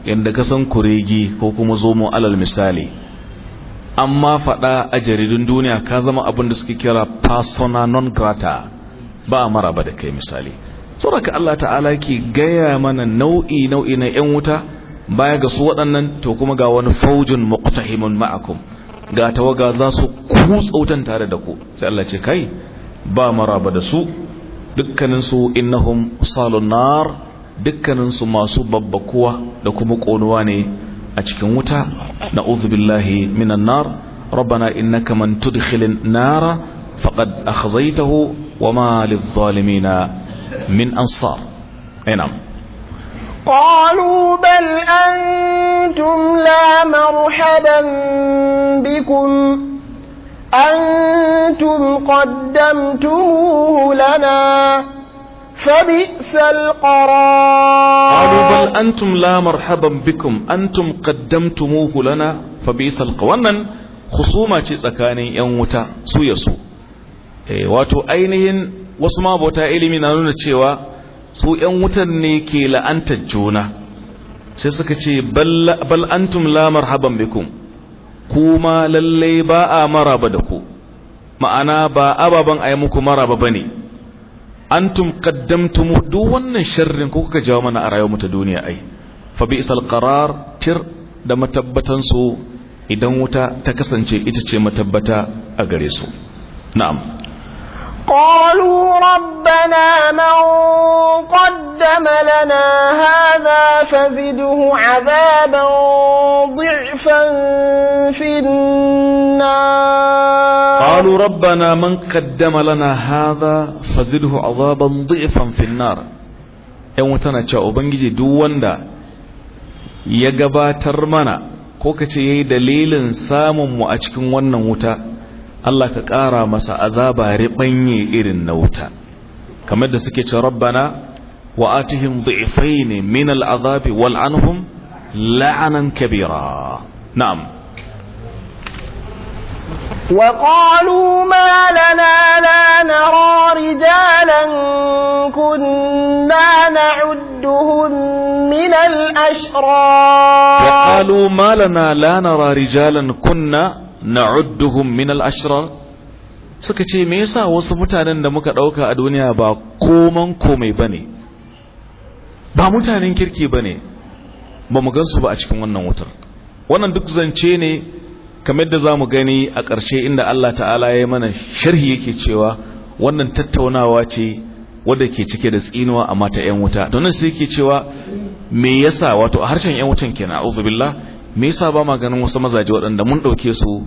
yadda ka san kuregi ko kuma zomo alal misali amma faɗa a jaridun duniya ka zama abin da suke kira persona non grata ba a maraba da kai misali saboda Allah ta'ala ke gaya mana nau'i nau'i na 'yan wuta baya ga su waɗannan to kuma ga wani faujin muqtahimun ma'akum ga tawaga za su kutsautan tare da ku sai Allah ce kai ba maraba da su dukkaninsu innahum salun nar dukkaninsu masu babba babbakuwa da kuma konuwa ne a cikin wuta na uzubillahi minan nar rabbana innaka man tudkhilin nara faqad akhzaytahu wama lidh-dhalimina min ansar ainam قالوا بل أنتم لا مرحبا بكم أنتم قدمتموه لنا فبئس القرار قالوا بل أنتم لا مرحبا بكم أنتم قدمتموه لنا فبئس القوانا خصومة تسكاني ينوتا سويسو واتو أينهن وسما بوتا إلمي نانونا تشيوا su ‘yan wutan ne ke la'antar juna sai suka ce bal antum la marhaban bikum kuma lallai ba'a a da ku ma'ana ba ababen ai muku maraba ba ne antum qaddamtumu duk wannan sharrin ku kuka jawo mana a rayuwar mu ta duniya ai fa bi'sal qarar tir da matabbatan su idan wuta ta kasance ita ce matabbata a gare su na'am قالوا ربنا من قدم لنا هذا فزده عذابا ضعفا في النار قالوا ربنا من قدم لنا هذا فزده عذابا ضعفا في النار ان وتنا تشا اوبنجي دو وندا يغباتر منا كوكا تشي دليل سامو مو Allah ka ƙara masa azaba riɓanye irin na wuta kamar da suke ce rabbana wa atihim dhi'faini min al'azabi wal anhum la'anan kabira na'am وقالوا ما لنا لا نرى رجالا كنا نعدهم من الأشرار وقالوا ما لنا لا نرى رجالا كنا na'udduhum min al-ashrar suka ce me yasa wasu mutanen da muka dauka a duniya ba koman komai bane ba mutanen kirki bane ba mu gansu ba a cikin wannan wutar wannan duk zance ne kamar da zamu gani a ƙarshe inda Allah ta'ala ya mana sharhi yake cewa wannan tattaunawa ce wadda ke cike da tsinuwa amma ta 'yan wuta domin sai ke cewa me yasa wato a harshen 'yan wutan kenan a'udhu billah me yasa ba ma ganin wasu mazaje waɗanda mun ɗauke su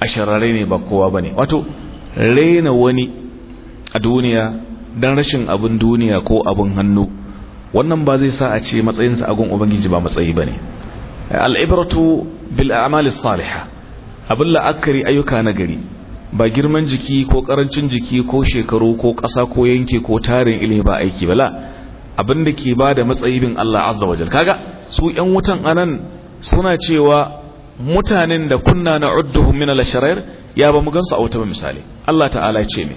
a shararai ne ba kowa ba wato raina wani a duniya don rashin abin duniya ko abin hannu wannan ba zai sa a ce matsayinsa a gun ubangiji ba matsayi ba ne al'ibratu bil a'mali saliha abin la'akari ayyuka na gari ba girman jiki ko karancin jiki ko shekaru ko ƙasa ko yanke ko tarin ilimi ba aiki bala abin da ke ba da matsayi bin Allah azza wajal kaga su yan wutan anan suna cewa mutanen da kunna na udduhum min al-sharar ya ba mu gansu a wata misali Allah ta'ala ya ce mi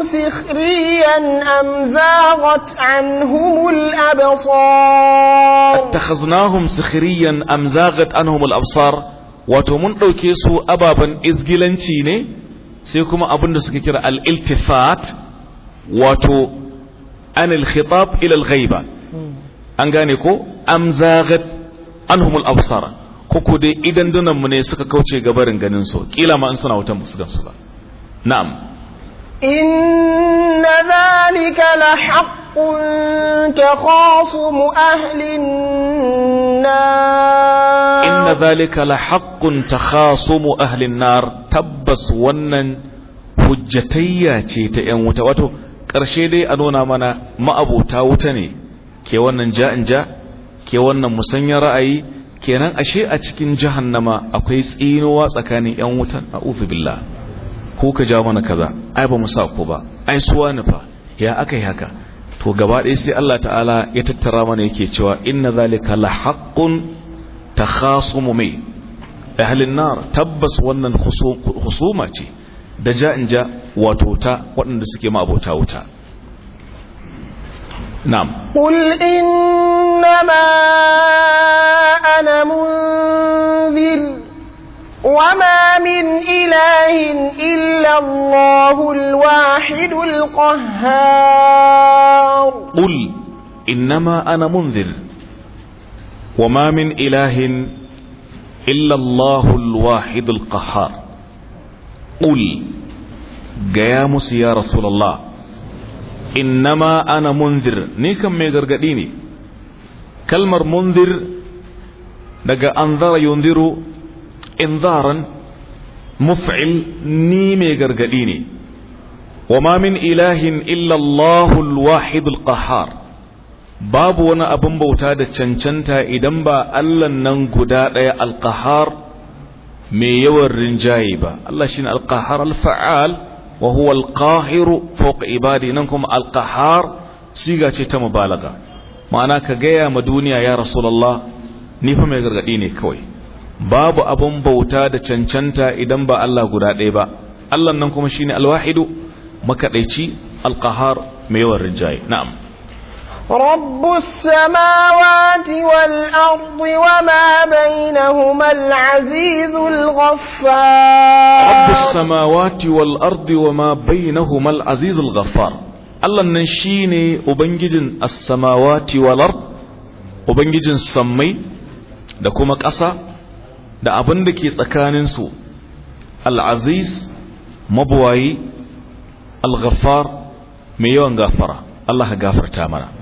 sikhriyan am me أتخذناهم سخريا أم زاغت عنهم الأبصار أتخذناهم سخريا أم زاغت عنهم mun dauke su ababan izgilanci ne sai kuma abin da suka kira al-iltifat wato an al-khitab ila al-ghaiba an gane ko am zaghat anhumul absara ko dai idan mu ne suka kauce gabarin ganin su kila ma an suna wutan musu su ba na'am inna zalika la haqqun takhasumu ahlin nar inna zalika la haqqun takhasumu ahlin nar tabbas wannan hujjatayya ce ta yan wuta wato karshe dai a nuna mana ma'abota wuta ne ke wannan ja'in ja ke wannan musanya ra'ayi kenan ashe a cikin jahannama akwai tsinuwa tsakanin yan wutan a'udhu billa ko ka ja mana kaza ai ba mu sa ku ba ai suwa ne fa ya akai haka to gaba ɗaya sai Allah ta'ala ya tattara mana yake cewa inna zalika la haqqun takhasumu mai ahlin nar tabbas wannan husuma ce da ja'in ja wato ta waɗanda suke ma abota wuta نعم قل إنما أنا منذر وما من إله إلا الله الواحد القهار قل إنما أنا منذر وما من إله إلا الله الواحد القهار قل قيامس يا رسول الله innama ana munzir ni kan mai gargadi ne kalmar munzir daga anzara yunziru inzaran muf'il ni mai gargadi ne wama min ilahin illa Allahul wahidul qahhar babu wani abin bauta da cancanta idan ba Allah nan guda ɗaya alqahar mai yawan rinjaye ba Allah ne alqahar alfa'al wa huwa alqahiru fawqa ibadi nan kuma alqahar siga ce ta mubalaga ma'ana ka gaya ma duniya ya rasu ni nifa mai gargadi ne kawai babu abun bauta da cancanta idan ba Allah guda ɗaya ba Allah nan kuma shine alwahidu makaɗaici alqahar mai yawan rinjaye na'am رب السماوات والأرض وما بينهما العزيز الغفار رب السماوات والأرض وما بينهما العزيز الغفار Allah nan shi ne Ubangijin as-samawati wal Ubangijin sammai da kuma ƙasa da abin da ke tsakaninsu al mabuwayi mai yawan gafara Allah gafarta mana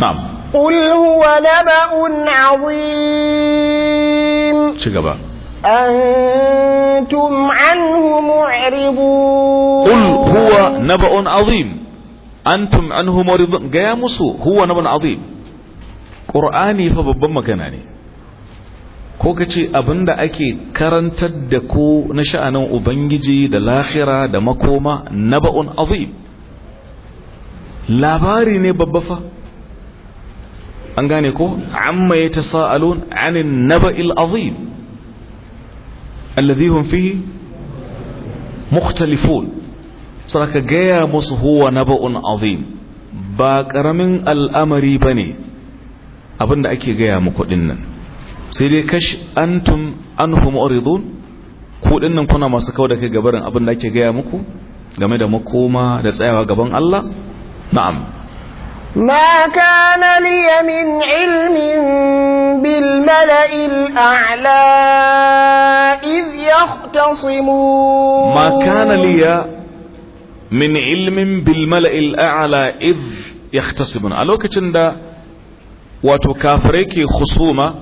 na'am قل هو نبأ عظيم شكرا أنتم عنه معرضون قل هو نبأ عظيم أنتم عنه معرضون قيا مسو هو نبأ عظيم قرآني فببن مكاناني ko ka ce abin da ake karantar da ku na sha'anin ubangiji da lahira da makoma na ba'un labari ne babba fa an gane ko amma ya tasa'alun anin naba'il azim alladhi hum mukhtalifun saraka gaya musu huwa naba'un azim ba karamin al'amari bane abinda ake gaya muku dinnan sai dai kash antum anhum uridun ku dinnan kuna masu kawo da kai gabarin abinda ake gaya muku game da makoma da tsayawa gaban Allah na'am ما كان لي من علم بالملأ الأعلى إذ يختصمون ما كان لي من علم بالملأ الأعلى إذ يختصمون ألوك تندى وتكافريك خصومة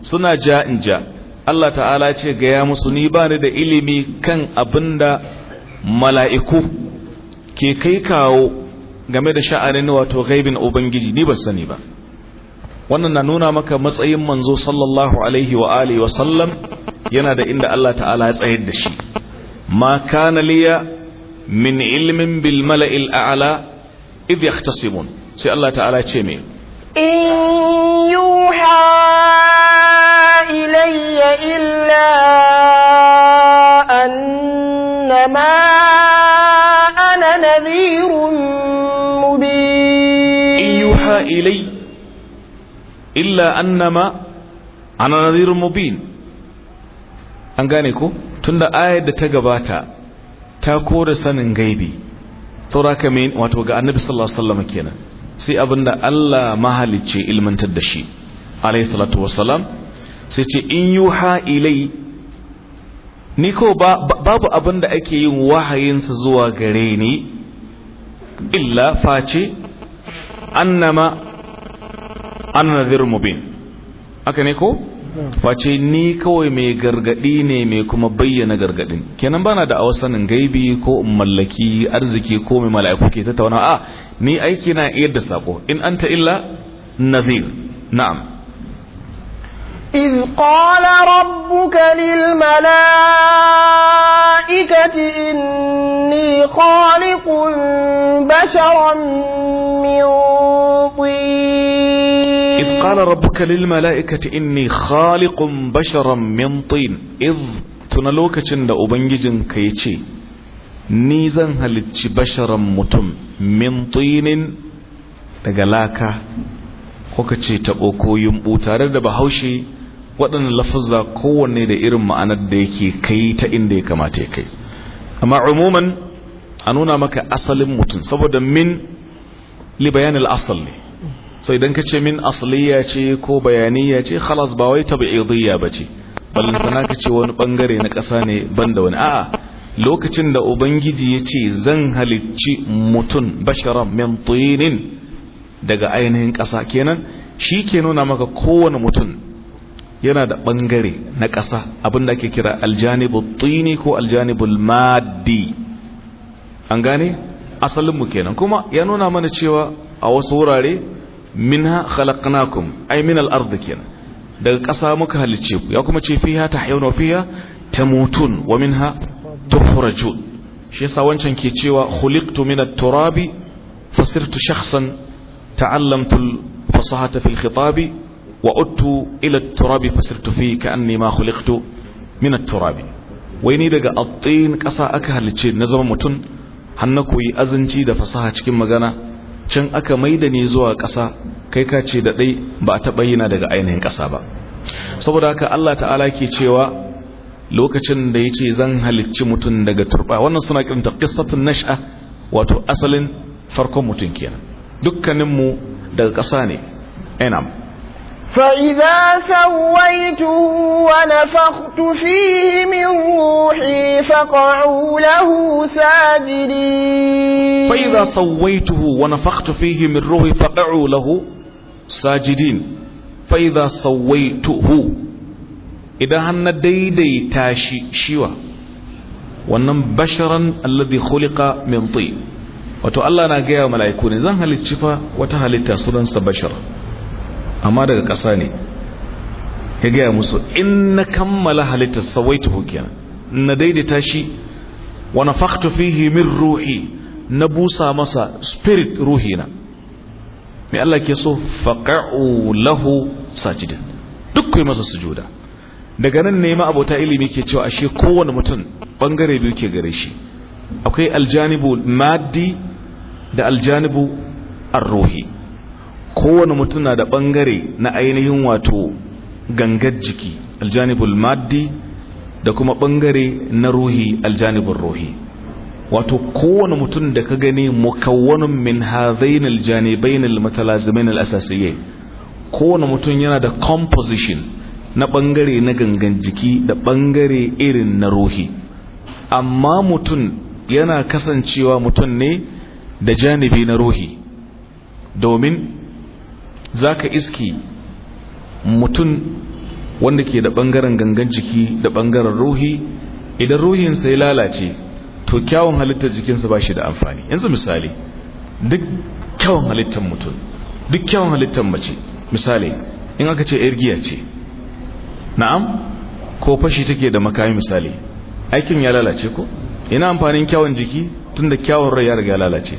سنة جاء جاء Allah ta'ala ce gaya musu ni ba ni da ilimi kan abinda mala'iku ke kai kawo game da sha'anin wato ghaibin ubangiji ni ba sani ba wannan na nuna maka matsayin manzo sallallahu alaihi wa alihi wa sallam yana da inda Allah ta'ala ya tsayar da shi ma kana liya min ilmin bil mala'il a'la id yahtasimun sai Allah ta'ala ce me in yuha ilayya illa annama إلي إلا أنما أنا نذير مبين ta gabata ta kore sanin gaibi غيبي ka mai wato ga annabi sallallahu alaihi wasallam kenan sai abinda Allah mahalicce ilmantar da shi alaihi salatu wasallam sai ce in yuha ilai ni ko ba, babu abinda ake yin wahayinsa zuwa gare ni illa face annama ana bi mubin aka ne ko face ni kawai mai gargadi ne mai kuma bayyana gargadin kenan bana da awasanin gaibi ko mallaki arziki ko mai mala'iku ke tattauna a ni aiki na iya da sako in an ta illa nazir na'am إذ قال ربك للملائكة إني خالق بشرا من طين إذ قال ربك للملائكة إني خالق بشرا من طين إذ تنلوك چند أبنجج كيشي نيزن هلتش بشرا متم من طين تقلاك ko تبوكو ce taɓo ko waɗannan lafuzza kowanne da irin ma'anar da yake kai ta inda ya kamata ya kai amma umuman a nuna maka asalin mutum saboda min li bayan al'asal ne so idan ka ce min asaliya ce ko bayaniya ce khalas ba wai tabi'idiyya ba ce ballantana ka ce wani bangare na ƙasa ne ban da wani a'a lokacin da ubangiji ya ce zan halicci mutum basharan min tinin daga ainihin ƙasa kenan shi ke nuna maka kowane mutum yana da ɓangare na ƙasa abinda ake kira aljanibul tini ko aljanibul maddi an gane asalinmu kenan kuma ya nuna mana cewa a wasu wurare minha khalaqnakum ai min al kenan daga ƙasa muka halicce ku ya kuma ce fiha fiya ta tamutun wa minha tukhrajun shi yasa wancan ke cewa khuliqtu min turabi fasirtu shakhsan ta'allamtu al-fasahata fi khitabi وعدت إلى التراب فسرت فيه كأني ما خلقت من التراب ويني دقى الطين كسا أكها لتشين نزم متن koyi azinci da fasaha cikin magana can aka maida ne zuwa ƙasa kai ka ce da dai ba a taɓa na daga ainihin ƙasa ba saboda haka Allah ta'ala ke cewa lokacin da ya ce zan halicci mutum daga turba wannan suna kiranta qissatun nash'a wato asalin farkon mutum kenan dukkaninmu daga ƙasa ne enam فإذا سويته ونفخت فيه من روحي فقعوا له ساجدين فإذا سويته ونفخت فيه من روحي فقعوا له ساجدين فإذا سويته إذا هن ديدي تاشي شوى ونم بشرا الذي خلق من طين wato Allah na gaya mala'iku ne zan halicci fa amma daga ƙasa ne ya gaya musu in na kammala halittar sawaitu kenan na daidaita shi wa nafakhtu fihi ruhi na busa masa spirit ruhi na. mai Allah ke so faqa'u lahu sajidin duk kai masa sujuda daga nan nema abota ilimi ke cewa ashe kowane mutum bangare biyu ke gare shi akwai aljanibu maddi da aljanibu ar-ruhi kowane mutum na da ɓangare na ainihin wato gangar jiki aljanibul maddi da kuma bangare na ruhi aljanibul ruhi wato kowane mutum da ka gani mukawwanun min hadhain aljanibain almutalazimin alasasiyyi kowane mutum yana da composition na bangare na gangan jiki da bangare irin na ruhi amma mutum yana kasancewa mutum ne da janibi na ruhi domin za ka iski mutum wanda ke da bangaren gangan jiki da ɓangaren ruhi idan ruhinsa ya lalace to kyawun halittar jikinsa ba shi da amfani yanzu misali duk kyawun halittar mutum duk kyawun halittar mace misali in aka ce ergiya ce na'am ko fashi take da makami misali aikin ya lalace ko ina amfanin kyawun jiki tunda da kyawun rai ya riga lalace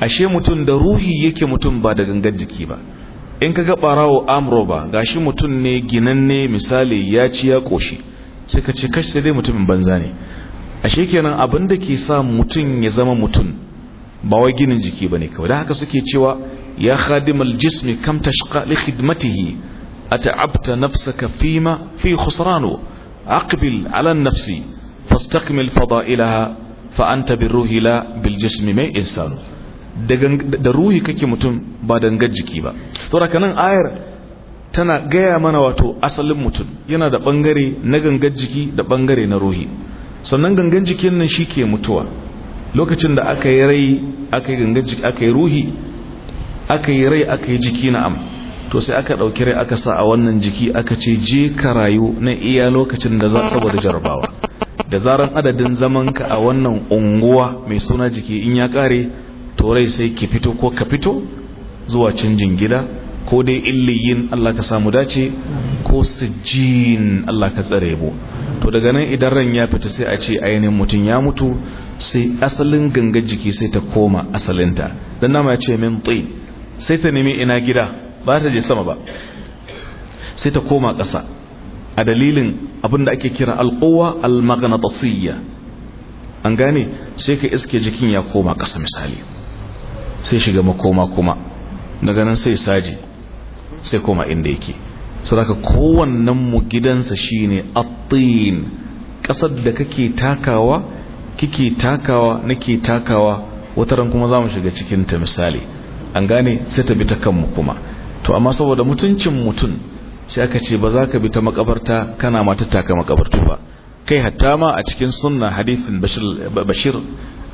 ashe mutum da ruhi yake mutum ba da gangan jiki ba in ka ga ɓarawo amroba gashi mutum ne ginanne misali ya ci ya ƙoshi sai ka ce kashi sai dai mutumin banza ne ashe kenan abin da ke sa mutum ya zama mutum ba wai ginin jiki bane kawai da haka suke cewa ya khadimal jismi kam tashqa li khidmatihi ata'abta nafsaka fima fi khusranu aqbil ala nafsi fastakmil fada'ilaha fa anta birruhi la bil jismi mai insanu da ruhi kake mutum ba dangar jiki ba saboda kanan ayar tana gaya mana wato asalin mutum yana da bangare na gangar jiki da bangare na ruhi sannan gangan jikin nan shi ke mutuwa lokacin da aka yi rai aka yi gangar jiki aka yi ruhi aka yi rai aka yi jiki na am to sai aka ɗauki rai aka sa a wannan jiki aka ce je ka rayu na iya lokacin da za saboda jarabawa da zaran adadin zaman ka a wannan unguwa mai suna jiki in ya kare torai sai ki fito ko ka fito zuwa canjin gida ko dai illiyin Allah ka samu dace ko sijjin Allah ka tsare mu to daga nan idan ran ya fita sai a ce ainihin mutum ya mutu sai asalin gangar jiki sai ta koma asalinta dan nama ya ce min tsi sai ta nemi ina gida ba ta je sama ba sai ta koma ƙasa a dalilin abin da ake kira alƙowa almagnatasiyya an gane sai ka iske jikin ya koma ƙasa misali sai shiga makoma kuma daga nan sai saji sai koma inda yake sadaka kowannen mu gidansa shine attin kasar da kake takawa kike takawa nake takawa wata ran kuma zamu shiga cikin ta misali an gane sai ta bi ta kanmu kuma to amma saboda mutuncin mutun sai aka ce ba za ka bi ta makabarta kana ma ta taka makabartu ba kai hatta ma a cikin sunna hadithin bashir bashir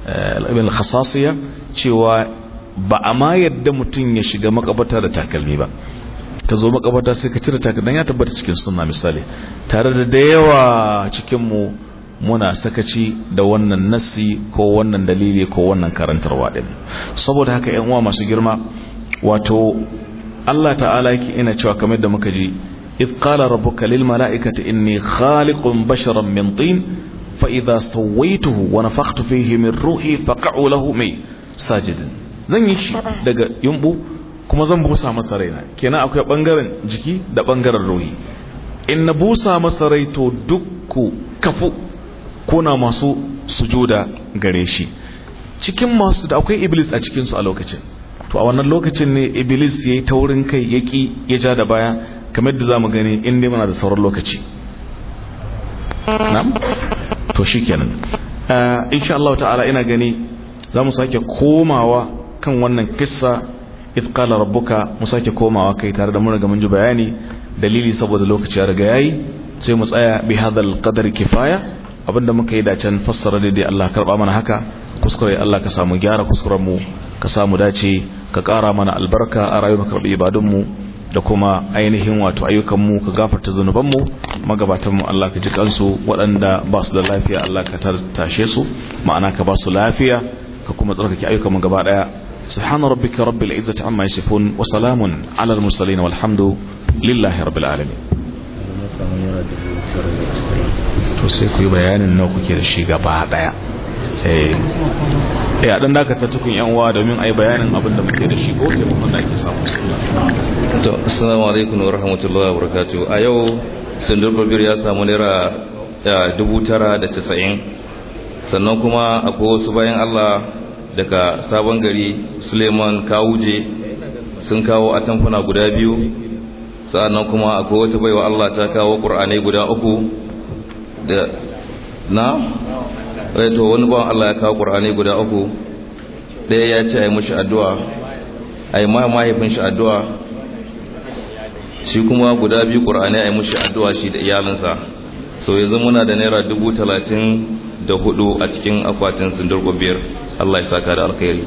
eh, ibn al-khasasiya cewa ba a ma yadda mutum ya shiga makabata da takalmi ba ka zo makabata sai ka cire takalmi ya tabbata cikin sunna misali tare da da yawa cikin mu muna sakaci da wannan nasi ko wannan dalili ko wannan karantar din saboda haka yan uwa masu girma wato Allah ta'ala yake ina cewa kamar da muka ji إذ قال ربك للملائكة إني خالق بشرا من طين فإذا سويته ونفخت فيه من روحي فقعوا له مي ساجدا zan yi shi daga yumbu kuma zan busa masa raina kenan akwai bangaren jiki da bangaren ruhi in na busa masa rai to dukku kafu kuna masu sujuda gare shi cikin masu da akwai iblis a cikinsu a lokacin to a wannan lokacin ne iblis ya yi taurin kai ya ƙi ya ja da baya kamar da za mu gani in ne muna da sauran lokaci na'am to shi kenan eh, insha Allah ta'ala ina gani za mu sake komawa kan wannan kissa id qala rabbuka mu sake komawa kai tare da mun riga mun ji bayani dalili saboda lokaci ya riga yayi sai mu tsaya bi hadal qadar kifaya abinda muka yi can fassara daidai Allah karba mana haka kuskure Allah ka samu gyara kuskuren mu ka samu dace ka kara mana albarka a rayuwar karbi ibadun mu da kuma ainihin wato ayyukanmu ka gafarta zunubanmu magabatanmu Allah ka ji kansu waɗanda ba su da lafiya Allah ka tashe su ma'ana ka ba su lafiya ka kuma tsarkake ayyukanmu gaba ɗaya سبحان ربك رب العزة عما يصفون وسلام على المرسلين والحمد لله رب العالمين to sai ku yi bayanin nawa kuke da shi gaba daya eh, eh tukun yan uwa domin ai bayanin abin da muke da shi ko sai mun ake samu to assalamu alaikum wa rahmatullahi wa barakatuh a yau sundur babir ya samu naira 990 eh, sannan kuma akwai wasu bayan Allah daga sabon gari suleiman kawuje sun kawo atamfuna guda biyu sa'annan kuma akwai wata baiwa Allah ta kawo ƙur'anai guda uku da na eh, to wani bawan Allah ya kawo ƙur'anai guda uku ɗaya ya ce a yi mashi addu'a a yi ma mahaifin shi addu'a shi kuma guda biyu ƙur'anai a yi mashi addu'a shi da iyalinsa so yanzu muna da naira dubu talatin da hudu a cikin akwatin sindar biyar Allah ya saka da alkhairi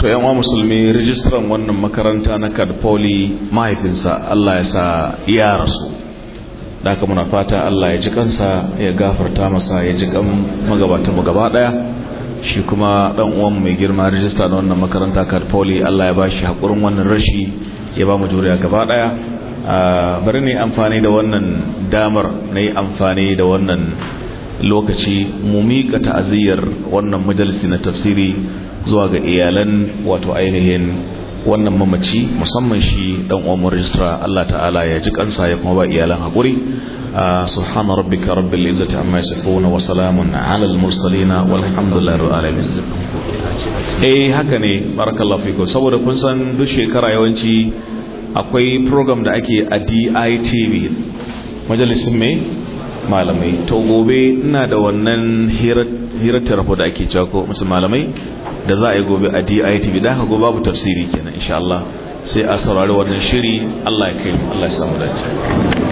to yan musulmi rijistran wannan makaranta na kadpoli mahaifinsa Allah ya sa ya rasu da muna fata Allah ya ji kansa ya gafarta masa ya ji kan magabata mu gaba daya shi kuma dan uwan mai girma rijista na wannan makaranta kadpoli Allah ya bashi hakurin wannan rashi ya ba mu juriya gaba daya Ah, bari ne amfani da wannan damar na yi amfani da wannan lokaci mu miƙa ta'aziyyar wannan majalisi na tafsiri zuwa ga iyalan wato ainihin wannan mamaci musamman shi dan uwan rajistra Allah ta'ala ya ji kansa ya kuma ba iyalan hakuri ah, subhana rabbika rabbil izzati amma yasifun wa salamun alal mursalin walhamdulillahi rabbil alamin eh haka ne barakallahu fiku saboda kun san duk shekara yawanci akwai program da ake a DITV majalisun mai malamai to gobe ina da wannan hirar tarafo da ake cewa musu malamai da za a yi gobe a DITV da haka gobe babu tafsiri kenan insha Allah sai a saurari wannan shiri Allah ya kai Allah ya samu dace